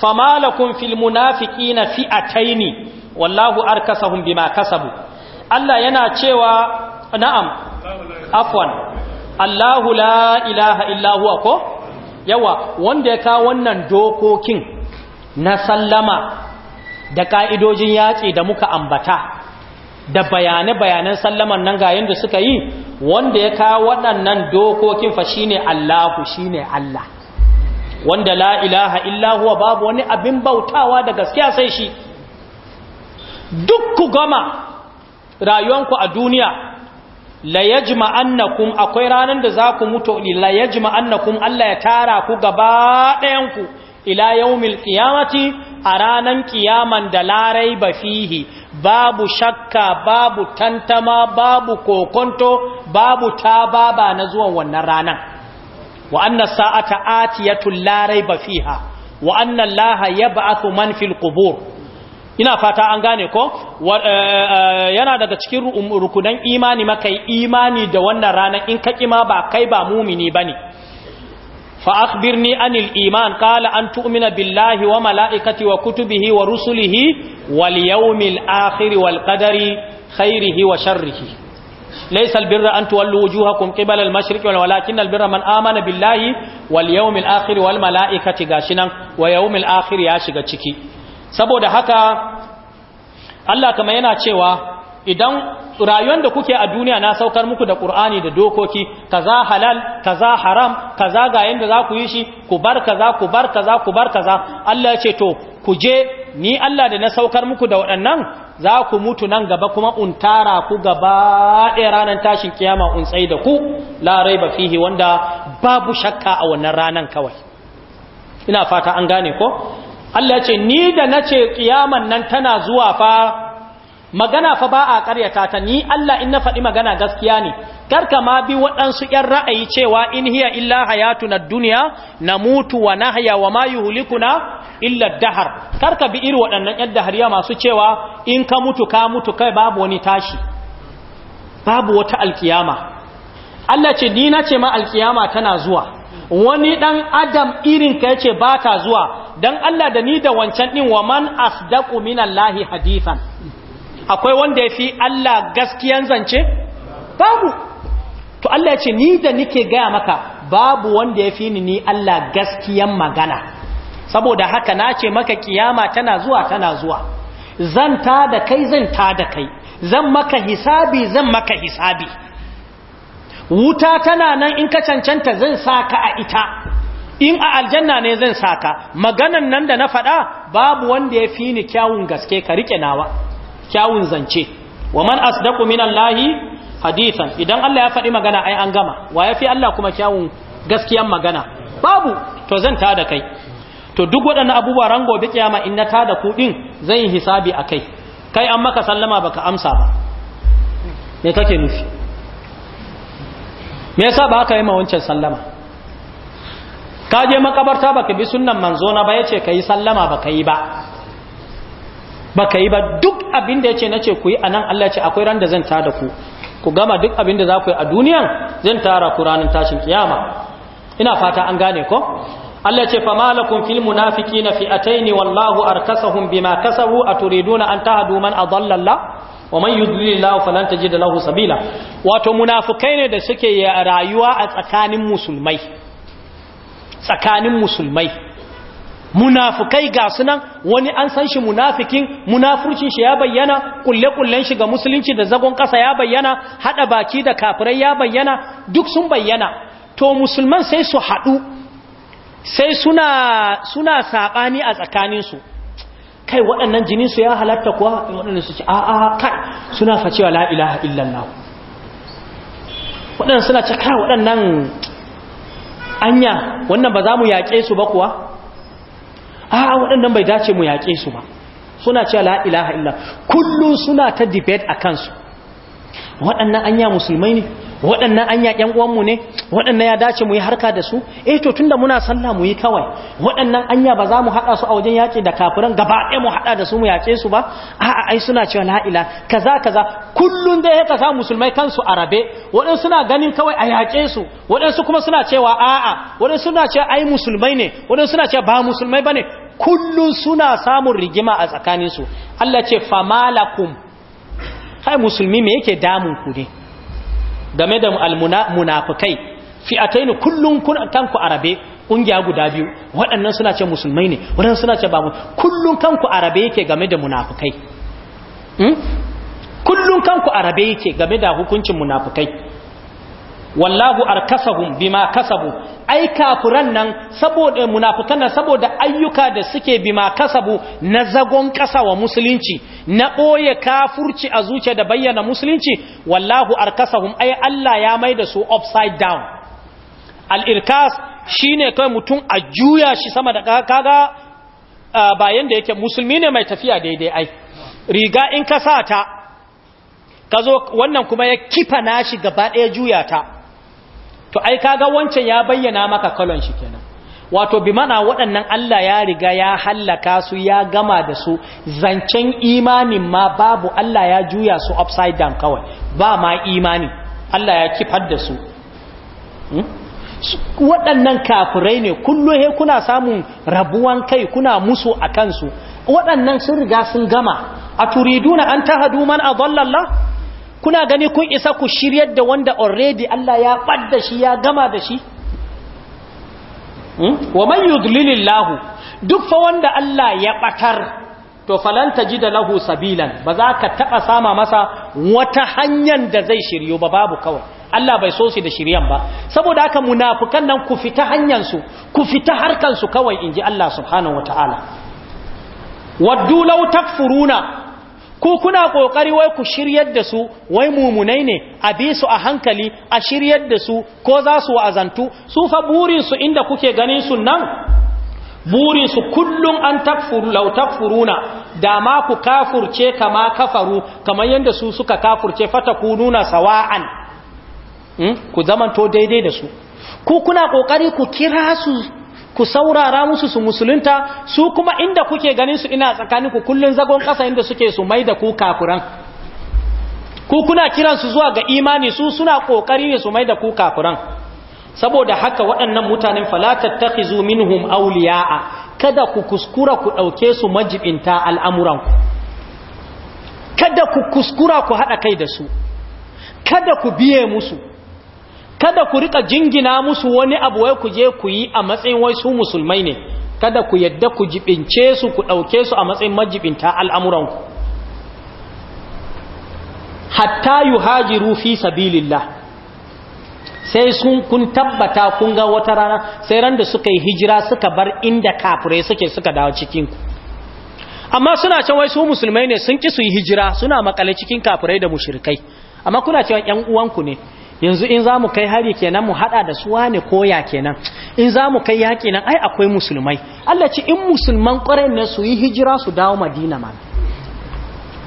fama lakum fil munafiqina fi'ataini wallahu arkasahum bima kasabu Allah yana cewa na'am afwan Allahu la ilaha illa huwa ko yawa wanda ya kawo wannan dokokin na sallama da ka'idojin yaƙi da muka ambata da bayane-bayanan sallaman nan ga yadda suka yi wanda ya kawo waɗannan dokokin fa ne Allahu shine Allah wanda la ilaha illa huwa babu wani abin bautawa da gaskiya sai shi duk ku gama rayuwanku a duniya la yajma annakum akwai ranan da za ku mutu la yajma annakum Allah ya tara ku gaba ɗayan ku ila yaumil qiyamati a ranan kiyaman da larai ba fihi babu shakka babu tantama babu kokonto babu tababa na zuwan wannan ranan wa sa'a sa'ata atiyatul la raiba fiha wa anna allaha yab'athu man fil kubur. ina fata an gane ko eh, eh, yana daga cikin um, rukunan imani makai imani da wannan ranar in ka kima ba kai ba mumini bane fa akhbirni anil iman qala an tu'mina billahi wa malaikati wa kutubihi wa rusulihi wal yawmil akhir wal qadari khairihi wa sharrihi laysal birra an tuwallu wujuhakum qibala al-mashriqi wal walakin al man amana billahi wal yawmil akhir wal malaikati gashinan wa yawmil akhir ya shiga ciki saboda haka Allah kama yana cewa idan rayuwar da kuke a duniya na saukar muku da Qur'ani da dokoki kaza halal kaza haram kaza ga yanda za ku yi shi ku bar kaza ku bar kaza ku bar kaza Allah ya ce to ku je ni Allah da na saukar muku da waɗannan za ku mutu nan gaba kuma untara tara ku gaba ɗaya ranar tashin kiyama untsai da ku larai ba fihi wanda babu shakka a wannan ranar kawai ina fata an gane ko Allah ce ni da na ce kiyaman nan tana zuwa fa magana fa ba a karyata ta ni Allah in na faɗi magana gaskiya ne karka ma bi waɗansu ‘yan ra'ayi cewa in hiya illa hayatu na duniya na mutu wa na haya wa ma yi illa dahar karka bi iri waɗannan ‘yan dahariya masu cewa in ka mutu ka mutu kai babu wani tashi babu wata alkiyama Allah ce ni na ce ma alkiyama tana zuwa wani dan adam irin ka yace ba ta zuwa dan Allah da ni da wancan din wa man asdaqu minallahi hadithan akwai wanda yafi Allah gaskiyan zance babu to Allah yace ni da nike gaya maka babu wanda yafi ni ni Allah gaskiyan magana saboda haka na ce maka kiyama tana zuwa tana zuwa zan ta da kai zan ta da kai zan maka hisabi zan maka hisabi wuta tana nan in ka cancanta zan saka a ita in a aljanna ne zan saka maganan nan da na faɗa babu wanda ya fi ni kyawun gaske ka riƙe nawa kyawun zance wa man asdaqu minallahi hadithan idan Allah ya faɗi magana ai an gama wa ya fi Allah kuma kyawun gaskiyan magana babu to zan ta da kai to duk waɗannan abubuwa ran gobe kiyama in na tada kuɗin zan yi hisabi a kai kai an maka sallama baka amsa ba me kake nufi me yasa ba ka yi ma wancan sallama ka je makabarta baka bi sunnan manzo na ba yace kai sallama baka yi ba baka yi ba duk abin da yace nace ku yi anan Allah ya ce akwai ran da zan tada ku ku gama duk abin da za ku yi a duniyan zan tara ku ranar tashin kiyama ina fata an gane ko Allah ce fa malakum fil munafiqina fi'atayn wallahu arkasahum bima kasabu aturiduna an tahdu man adalla Allah wa man yudlilillahu falan tajid lahu sabila wato munafikai ne da suke rayuwa a tsakanin musulmai tsakanin musulmai munafikai ga sunan wani an san shi munafikin munafurcin shi ya bayyana kulle-kullen shi ga musulunci da zagon ƙasa ya bayyana hada baki da kafirai ya bayyana duk sun bayyana to musulman sai su haɗu sai suna suna sabani a tsakaninsu kai waɗannan jininsu ya halatta kuwa waɗannan su ce a a kai suna facewa la'ilaha ilaha illallah waɗannan suna ce kai waɗannan anya wannan ba za mu yaƙe su ba kuwa a waɗannan bai dace mu yaƙe su ba suna ce la'ilaha illallah kullum suna ta debate a kansu waɗannan anya musulmai ne waɗannan anya ƴan uwanmu ne waɗannan ya dace mu yi harka da su eh to tunda muna sallah mu yi kawai waɗannan anya ba za mu haɗa su a wajen yaƙi da kafiran gaba ɗaya mu haɗa da su mu yaƙe su ba a'a ai suna cewa la ila kaza kaza kullun dai haka sa musulmai kansu arabe waɗansu suna ganin kawai a yaƙe su waɗansu kuma suna cewa a'a waɗansu suna cewa ai musulmai ne waɗansu suna cewa ba musulmai bane kullun suna samun rigima a tsakaninsu Allah ce famalakum kai musulmi me yake damun ku ne game da almunafukai fi'ataini kullun kun kanku arabe kungiya guda biyu waɗannan suna ce musulmai ne waɗannan suna ce ba mu kullun kanku arabe yake game da munafukai hmm? kullun kanku arabe yake game da hukuncin munafukai wallahu arkasahum bima kasabu ai kafiran nan saboda munafikan nan saboda ayyuka da suke bima kasabu na zagon kasa wa musulunci na boye kafurci a zuciya da bayyana musulunci wallahu arkasahum ai Allah ya maida su upside down al-irkas shine kai mutum a juya shi sama da kaga bayan da yake musulmi ne mai tafiya daidai ai riga in ka sa ta ka wannan kuma ya kifa nashi gaba ɗaya juya ta to ai kaga wancan ya bayyana maka kalon shi kenan wato bi mana waɗannan Allah ya riga ya hallaka su ya gama da su zancen imanin ma babu Allah ya juya su upside down kawai ba ma imani Allah ya kifar da su hmm? waɗannan kafirai ne kullu he kuna samun rabuwan kai kuna musu a kansu waɗannan sun riga sun gama a turiduna an tahadu man adallallah kuna gani kun isa ku shiryar da wanda already Allah ya ɓadda shi ya gama da shi hmm? wa man yudlilillahu duk fa wanda Allah ya ɓatar to falanta ji da lahu sabilan ba za ka taɓa sama masa wata hanyar da zai shiryo ba babu kawai Allah bai so su da shiryan ba saboda haka munafukan nan ku fita su ku fita su kawai inji Allah subhanahu wataala waddu law takfuruna ku kuna kokari wai ku shiryar da su wai mumunai ne a bi su a hankali a shiryar da su ko za su wa'azantu su fa burin su inda kuke ganin su nan burin su kullum an takfuru law takfuruna da ma ku kafurce kama kafaru kamar yanda su suka kafurce fatakununa sawa'an ku hmm? ku zamanto daidai da su ku kuna kokari ku kira su ku saurara musu su musulunta su kuma inda kuke ganin su ina tsakanin ku kullun zagon ƙasa inda suke su mai da ku kafiran ku kuna kiran su zuwa ga imani su suna kokari ne su mai da ku kafiran saboda haka waɗannan mutanen falatattakhizu minhum awliya'a kada ku kuskura ku ɗauke su majibinta ku. kada ku kuskura ku haɗa kai da su kada ku biye musu kada ku rika jingina musu wani abu wai ku je ku yi a matsayin wai su musulmai ne kada ku yadda ku jibince su ku ɗauke su a matsayin majibinta al'amuran ku. hatta yuhajiru fi sabilillah sai sun kun tabbata kun ga wata rana sai ran da suka yi hijira suka bar inda kafirai suke suka dawo cikinku amma suna can wai su musulmai ne sun ƙi su yi hijira suna makale cikin kafirai da mushrikai amma kuna cewa ‘yan uwanku ne’ yanzu in za mu kai hari kenan mu hada da su wane koya kenan in za mu kai yaƙi nan ai akwai musulmai Allah ci in musulman ƙwarai ne su yi hijira su dawo madina ma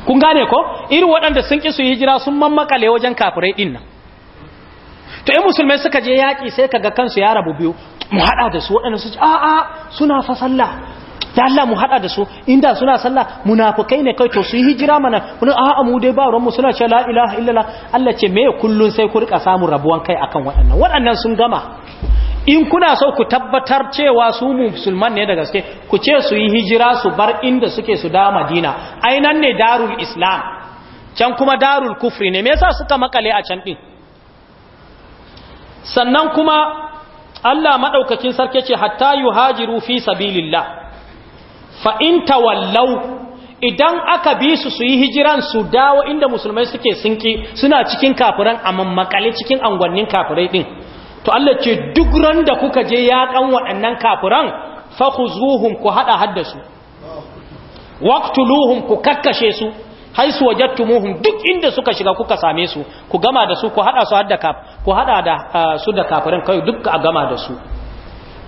kun gane ko irin waɗanda sun ƙi su yi hijira sun mamakale wajen kafirai ɗin nan to in musulmai suka je yaƙi sai kaga kansu ya rabu biyu mu hada da su waɗanda su ce a'a suna fa sallah da Allah mu hada da su inda suna sallah munafikai ne kai to su yi hijira mana kuma a'a mu dai ba ruwan mu suna cewa la ilaha illallah Allah ce me kullun sai ku rika samu rabuwan kai akan waɗannan waɗannan sun gama in kuna so ku tabbatar cewa su musulman ne da gaske ku ce su yi hijira su bar inda suke su da Madina ai nan ne darul islam can kuma darul kufri ne me yasa suka makale a can din sannan kuma Allah madaukakin sarki ce hatta yuhajiru fi sabilillah fa'in tawallau idan aka bi su su yi hijiran su dawo inda musulmai suke sinki suna cikin kafiran a mammakale cikin angwannin kafirai ɗin to Allah ce duk ran da kuka je yaƙan waɗannan kafiran fahuzuhum ku haɗa haddasu waqtuluhum ku kakkashe su haisu wajattumuhum duk inda suka shiga kuka same su ku gama da su ku hada su hadda ku hada da su da kafirin kai duk a gama da su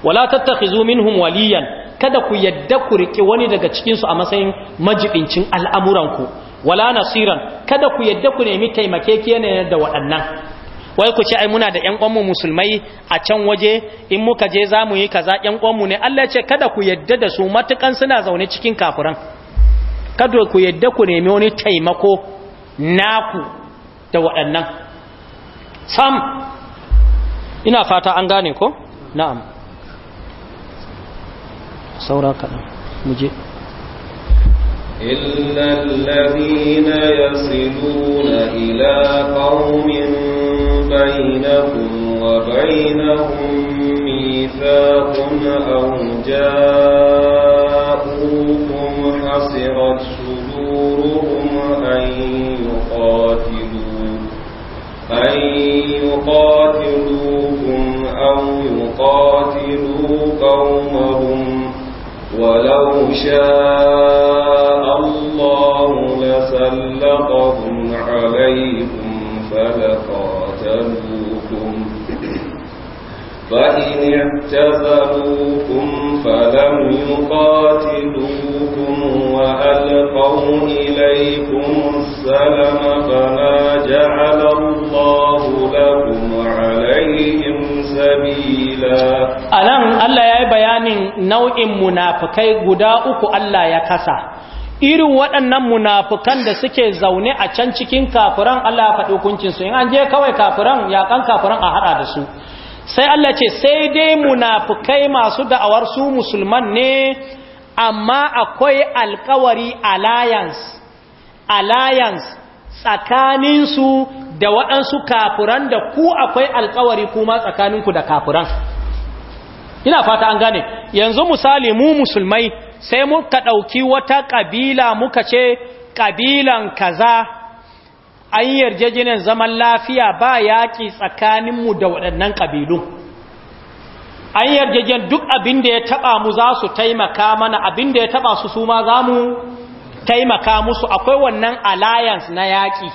wala tattakhizu minhum waliyan kada ku yadda ku riƙe wani daga cikinsu a matsayin majibincin al'amuranku wala nasiran kada ku yadda ku nemi taimake ne da waɗannan wai ku ce ai muna da ƴan musulmai a can waje in muka je za mu yi kaza ƴan uwanmu ne Allah ce kada ku yadda da su matukan suna zaune cikin kafiran kada ku yadda ku nemi wani taimako naku da waɗannan sam ina fata an gane ko na'am سورة مجھے إلا الذين يصلون إلى قوم بينكم وبينهم ميثاق أو جاءوكم حسرت صدورهم أن يقاتلوا أن يقاتلوكم أو يقاتلوا قومهم ولو شاء الله لسلطهم عليكم فلقاتلوكم فإن اعتزلوكم فلم يقاتلوكم وألقوا إليكم السلم فما جعل الله لكم عليهم sabila anan Allah ya yi bayanin nau'in munafikai guda uku Allah ya kasa irin waɗannan munafukan da suke zaune a can cikin kafiran Allah ya faɗi su. in an je kawai kafiran kan kafiran a haɗa da su sai Allah ce sai dai munafukai masu da'awar su musulman ne amma akwai alkawari alliance alliance tsakaninsu da waɗansu kafuran da ku akwai alkawari kuma tsakaninku da kafuran ina fata an gane yanzu misali mu musulmai sai muka ɗauki wata ƙabila muka ce kabilan kaza an yarjejeniyar zaman lafiya ba yaƙi tsakaninmu da waɗannan kabilu an yarjejen duk abin da ya taba mu za su taimaka mana abin da ya taba su su ma za mu taimaka musu akwai wannan alliance na yaƙi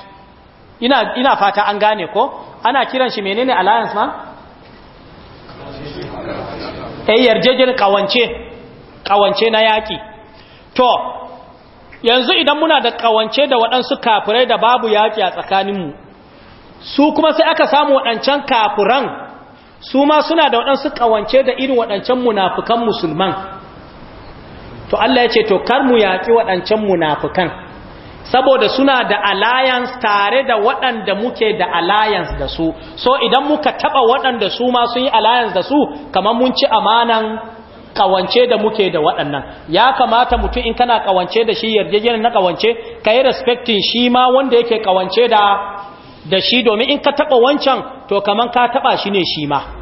ina, ina fata an gane ko ana kiran shi menene alliance ma? eh yarjejen kawance kawance na yaƙi to yanzu idan muna da ƙawance da waɗansu kafirai da babu yaƙi a tsakaninmu su kuma sai aka samu waɗancan kafiran su ma suna da waɗansu ƙawance da irin waɗancan munafukan musulman to Allah ya ce to kar mu yaƙi waɗancan munafukan saboda suna da alliance tare da waɗanda muke da alliance da su so idan muka taɓa waɗanda su ma sun yi alliance da su kamar mun ci amanan kawance da muke da waɗannan ya kamata mutum in kana kawance da shi yarjejeniyar na kawance ka yi respectin shi ma wanda yake kawance da da shi domin in ka taɓa wancan to kamar ka taɓa shi ne shi ma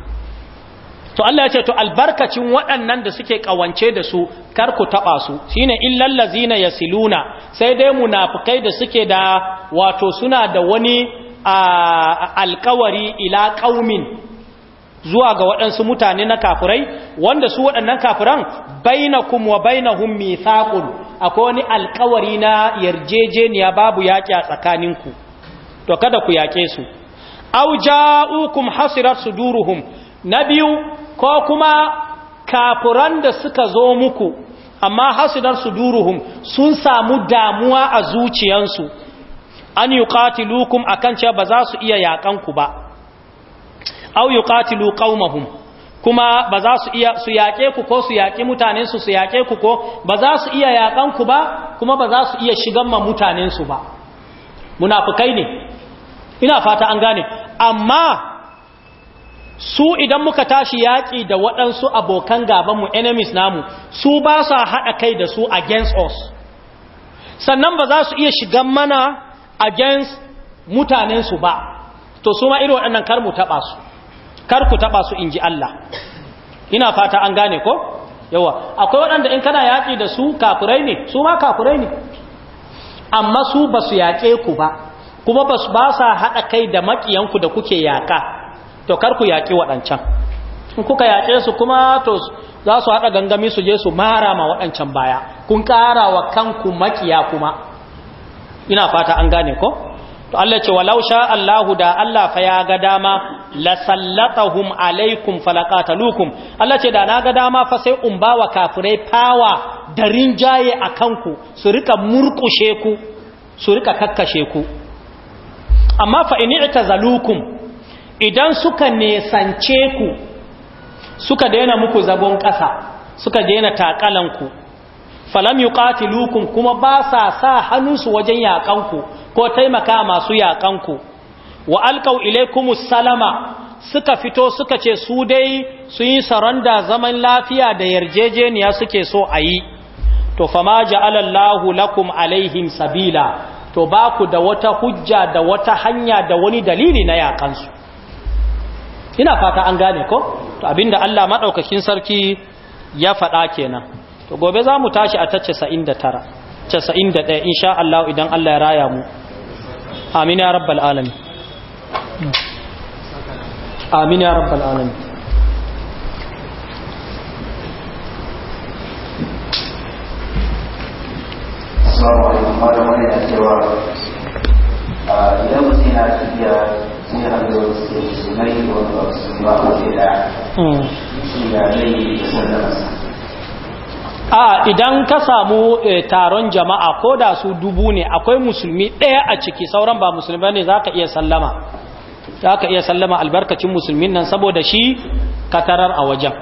to Allah ya ce to albarkacin waɗannan da suke ƙawance da su kar ku taɓa su shine illal ladzina yasiluna sai dai munafikai da suke da wato suna da wani alkawari ila qaumin zuwa ga waɗansu mutane na kafirai wanda su waɗannan kafiran bainakum wa bainahum mithaqun akwai wani alkawari na yarjejeniya babu yaƙi a tsakaninku to kada ku yaƙe su au ja'ukum hasirat suduruhum na biyu ko kuma kafuran da suka zo muku amma su duruhum sun samu damuwa a zuciyansu an katilukum a cewa ba za su iya yakan ba au yi katilu qaumahum kuma ba za su iya su yaƙe ku ko su yaƙi mutanensu su yaƙe ku ko ba za su iya yaƙanku ba kuma ba za su iya shigan ma mutanensu ba munafukai ne ina fata an gane amma su idan muka tashi yaƙi da waɗansu abokan gabanmu enemies namu su ba sa haɗa kai da su against us sannan ba za su iya shiga mana against mutanensu ba to su ma irin waɗannan kar mu taɓa su kar ku taɓa su in ji Allah ina fata an gane ko yawa akwai waɗanda in kana yaƙi da su kafurai ne su ma kafurai ne amma su ba su yaƙe ku ba kuma ba su ba sa haɗa kai da maƙiyanku da kuke yaƙa to kar ku yaƙi waɗancan in kuka yaƙe su kuma to za su haɗa gangami su je su mara ma waɗancan baya kun ƙara wa kanku makiya kuma ina fata an gane ko to Allah ce walau sha Allahu da Allah fa ya ga dama la sallatahum alaikum falaqatalukum Allah ce da na ga dama fa sai ba bawa kafirai fawa da rinjaye a kanku su rika murkushe ku su rika kakkashe ku amma fa in i'tazalukum idan suka nesance ku suka daina muku zagon ƙasa suka daina takalanku falam yuqatilukum kuma ba sa sa hannunsu wajen yaƙanku ko taimaka masu yaƙanku wa alqaw ilaykumus salama suka fito suka ce su dai su yi saranda zaman lafiya da yarjejeniya suke so a yi to fama ja'alallahu lakum alaihim sabila to ba ku da wata hujja da wata hanya da wani dalili na yaƙansu ina fata an gane ko to abinda Allah madaukakin sarki ya faɗa kenan to gobe za mu tashi a ta 99 91 insha Allah idan Allah ya raya mu amin ya rabbal alamin amin ya rabbal alamin Assalamu alaikum warahmatullahi a Idan mutum yana tafiya Hmm. a ah, idan ka samu eh, taron jama'a ko da su dubu ne akwai musulmi ɗaya a ciki sauran ba musulmi ba ne za ka iya sallama za ka iya sallama albarkacin musulmin nan saboda shi katarar a wajen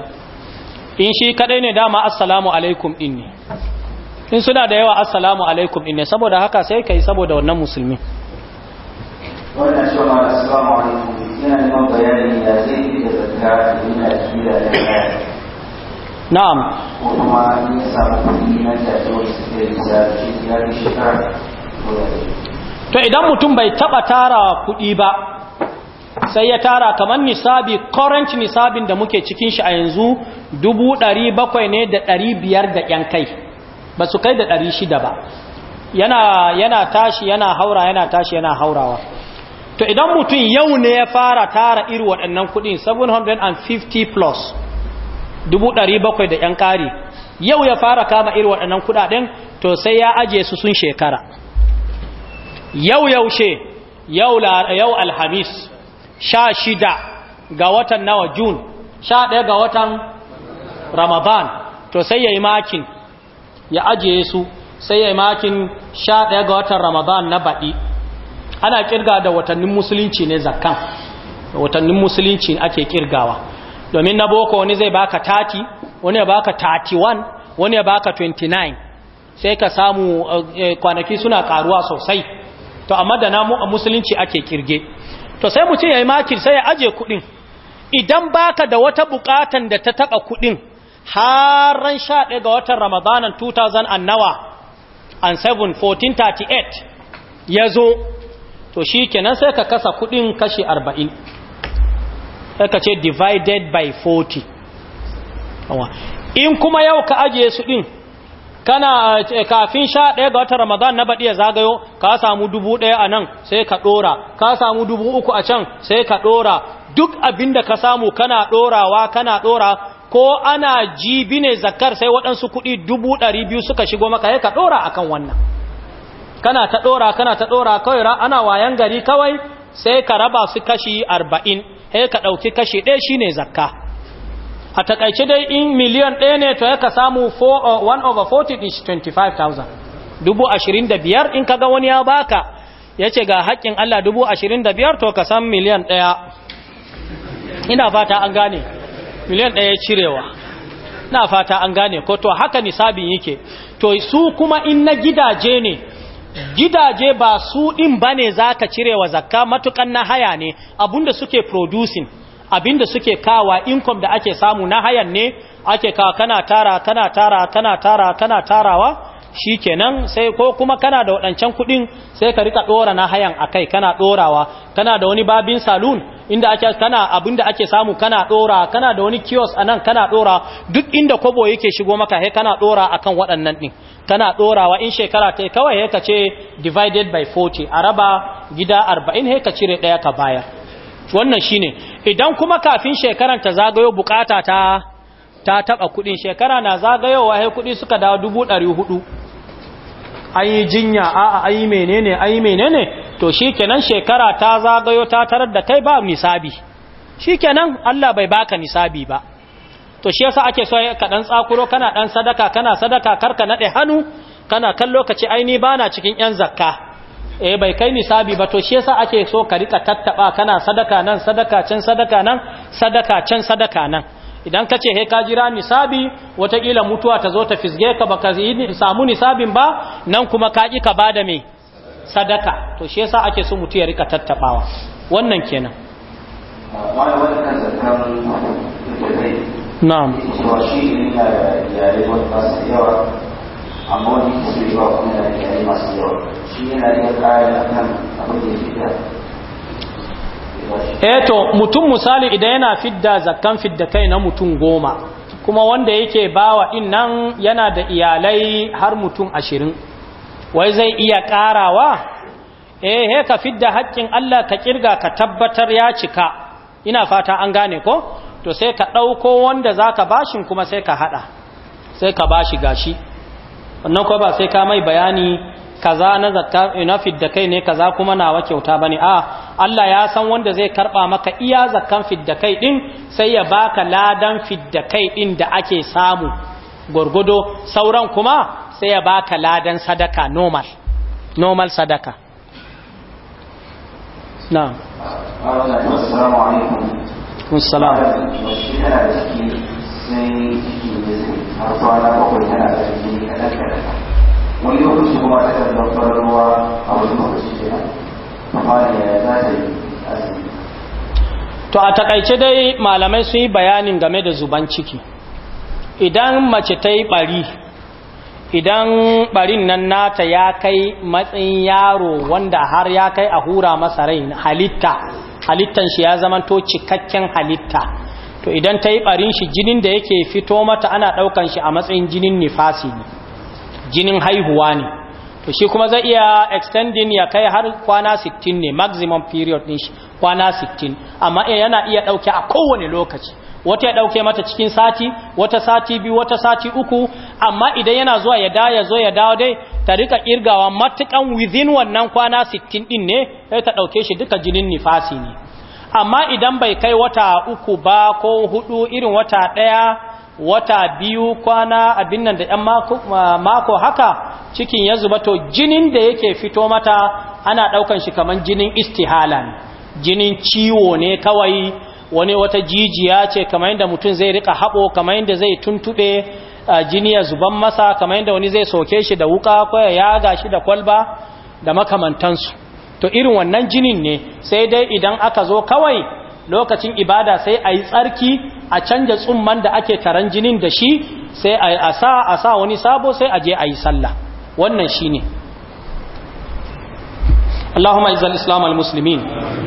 in shi kaɗai ne dama assalamu alaikum ɗin ne in suna da yawa assalamu alaikum ɗin ne saboda haka sai ka yi saboda wannan musulmi wannan shi السلام عليكم yana neman bayani da zai yi da zakka yana ciki da zakka من ko ya samu kuɗi na da ya to idan mutum bai taba tara kuɗi ba sai ya tara kamar nisabi current nisabin da muke cikin shi a yanzu dubu ɗari bakwai ne da ɗari biyar da ƴan kai ba su kai da ɗari shida ba yana, yana tashi yana haura yana tashi yana haurawa to idan mutum yau ne ya fara tara iri waɗannan kuɗin 750 plus 700 da 'yan ƙari yau ya fara kama iri waɗannan kuɗaɗen to sai ya aje su sun shekara yau yaushe yau, yau alhamis sha shida ga watan nawa jun sha ga watan ramadan to sai ya yi makin ya ajiye su sai ya yi makin sha ɗaya ga watan ramadan na baɗi ana kirga da watannin musulunci ne zakkan watannin musulunci ake kirgawa domin na boko wani zai baka 30 wani ya baka 31 wani ya baka 29 sai ka samu eh, kwanaki suna karuwa sosai to amma da namu a musulunci ake kirge to sai mutum ya yi makir sai ya aje kudin idan baka da wata bukatan da ta taba kudin har ran 11 ga watan ramadanan 2000 annawa an 7 1438 ya zo to shi kenan sai ka kasa kudin kashi arba'in sai ka ce divided by 40 in kuma yau ka ajiye su din kana eh, kafin sha ɗaya ga watan ramadan na baɗi ya zagayo ka samu dubu ɗaya a nan sai ka ɗora ka samu dubu uku a can sai ka ɗora duk abinda ka samu kana ɗorawa kana ɗora ko ana jibi ne zakar sai waɗansu kuɗi dubu ɗari biyu suka shigo maka sai ka ɗora a kan wannan kana ta dora kana ta dora kawai ana wayan gari kawai sai ka raba su kashi 40 sai ka dauki kashi ɗaya shine zakka a takaice dai in miliyan ɗaya ne to ya ka samu 1 uh, over 40 is 25,000 dubu ashirin da biyar in kaga wani ya baka ya ce ga haƙƙin Allah dubu ashirin da biyar to ka san miliyan ɗaya ina fata an gane miliyan ɗaya cirewa ina fata an gane ko to haka nisabin yake to su kuma in na gidaje ne gidaje ba su ɗin ba ne za ka cire wa zakka matukan na haya ne abinda suke producing abinda suke kawa income da ake samu na hayan ne ake kawa kana tara kana tara kana tara kana tarawa shi kenan sai ko kuma kana da waɗancan kuɗin sai ka rika ɗora na hayan kai kana ɗorawa kana da wani babin saloon inda ake kana abinda ake samu kana dora kana da wani kiosk anan kana dora duk inda kobo yake shigo maka he kana dora akan waɗannan ɗin. kana dorawa in shekara ta kawai he kace divided by 40 araba gida 40 he ka cire daya ka bayar wannan shine idan kuma kafin shekaran ta zagayo bukata ta ta taba kudin shekara na zagayowa he kudi suka dawo 400 an jinya a'a an yi menene an yi menene to shikenan shekara ta zagayo ta tarar da kai ba nisabi shikenan Allah bai baka nisabi ba to shi yasa ake so ka dan tsakuro kana dan sadaka kana sadaka karka nade hannu kana kan lokaci aini bana cikin yan zakka eh bai kai nisabi ba to shi yasa ake so ka rika tattaba kana sadaka nan sadaka can sadaka nan sadaka can sadaka nan idan ka ce he ka jira nisabi watakila mutuwa ta zo ta fisge ka ka samu nisabin ba nan kuma ka ƙi ka bada me sadaka to shi yasa ake so mutu ya rika tattabawa wannan kenan na'am amma wani kuma masu yawa shi yana da kayan kan abin da ya eto eh mutum misali idan yana fidda zakkan fidda kai na mutum goma kuma wanda yake bawa din nan yana da iyalai har mutum ashirin wai zai iya karawa eh he ka fidda haƙƙin Allah ka kirga ka tabbatar ya cika ina fata an gane ko to sai ka ɗauko wanda zaka bashin kuma sai ka haɗa sai ka bashi gashi wannan ko ba sai ka mai bayani kaza na zakka ina fidda kai ne kaza kuma nawa kyauta bane a Allah ya san wanda zai karba maka iya zakkan fidda kai din sai ya baka ladan fidda kai din da ake samu gurgudo sauran kuma sai ya baka ladan sadaka normal normal sadaka na'am assalamu alaikum assalam sai ciki ne har bakwai tana da ciki wani lokaci kuma ta kan ruwa a wani lokaci amma da za ta yi to a takaice dai malamai sun yi bayanin game da zuban ciki idan mace ta yi bari idan barin nan nata ya kai matsayin yaro wanda har ya kai a hura masa rai halitta halittan shi ya zamanto cikakken halitta to idan ta yi barin shi jinin da yake fito mata ana daukan shi a matsayin jinin nifasi ne jinin haihuwa ne to shi kuma zai iya extending ya kai har kwana 60 ne maximum period din shi kwana 60 amma eh, yana iya dauke a kowane lokaci wata ya dauke mata cikin sati wata sati biyu wata sati uku amma idan yana zuwa ya dawo ya zo ya dawo dai ta rika irgawa matukan within wannan kwana 60 din ne sai ta dauke shi duka jinin nifasi ne amma idan bai kai wata uku ba ko hudu irin wata daya wata biyu kwana abin nan da ‘yan mako haka cikin ya zuba to jinin da yake fito mata ana ɗaukan shi kamar jinin istihala jinin ciwo ne kawai wani wata jijiya ce kamar yadda mutum zai rika haɓo kamar yadda zai tuntuɓe jini ya zuban masa kamar yadda wani zai soke shi da wuka ko ya yaga shi da kwalba da makamantansu to irin wannan jinin ne sai dai idan aka zo kawai lokacin ibada sai a yi tsarki a canja tsumman da ake taron jinin da shi sai a a sa wani sabo sai a je a yi sallah wannan shi ne اللهم اعز الاسلام والمسلمين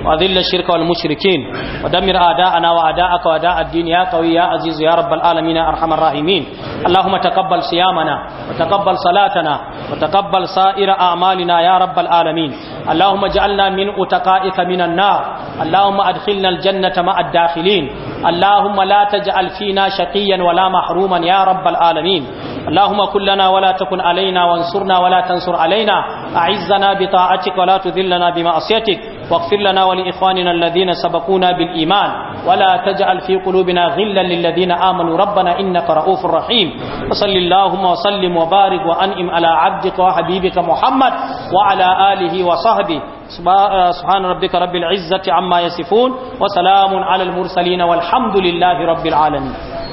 واذل الشرك والمشركين ودمر اعداءنا واعداءك واعداء الدين يا قوي يا عزيز يا رب العالمين يا ارحم الراحمين اللهم تقبل صيامنا وتقبل صلاتنا وتقبل سائر اعمالنا يا رب العالمين اللهم اجعلنا من اتقائك من النار اللهم ادخلنا الجنه مع الداخلين اللهم لا تجعل فينا شقيا ولا محروما يا رب العالمين اللهم كن لنا ولا تكن علينا وانصرنا ولا تنصر علينا أعزنا بطاعتك ولا تذلنا بمعصيتك واغفر لنا ولإخواننا الذين سبقونا بالإيمان ولا تجعل في قلوبنا غلا للذين آمنوا ربنا إنك رؤوف رحيم وصل اللهم وسلم وبارك وأنئم على عبدك وحبيبك محمد وعلى آله وصحبه آه، سبحان ربك رب العزة عما يصفون وسلام على المرسلين والحمد لله رب العالمين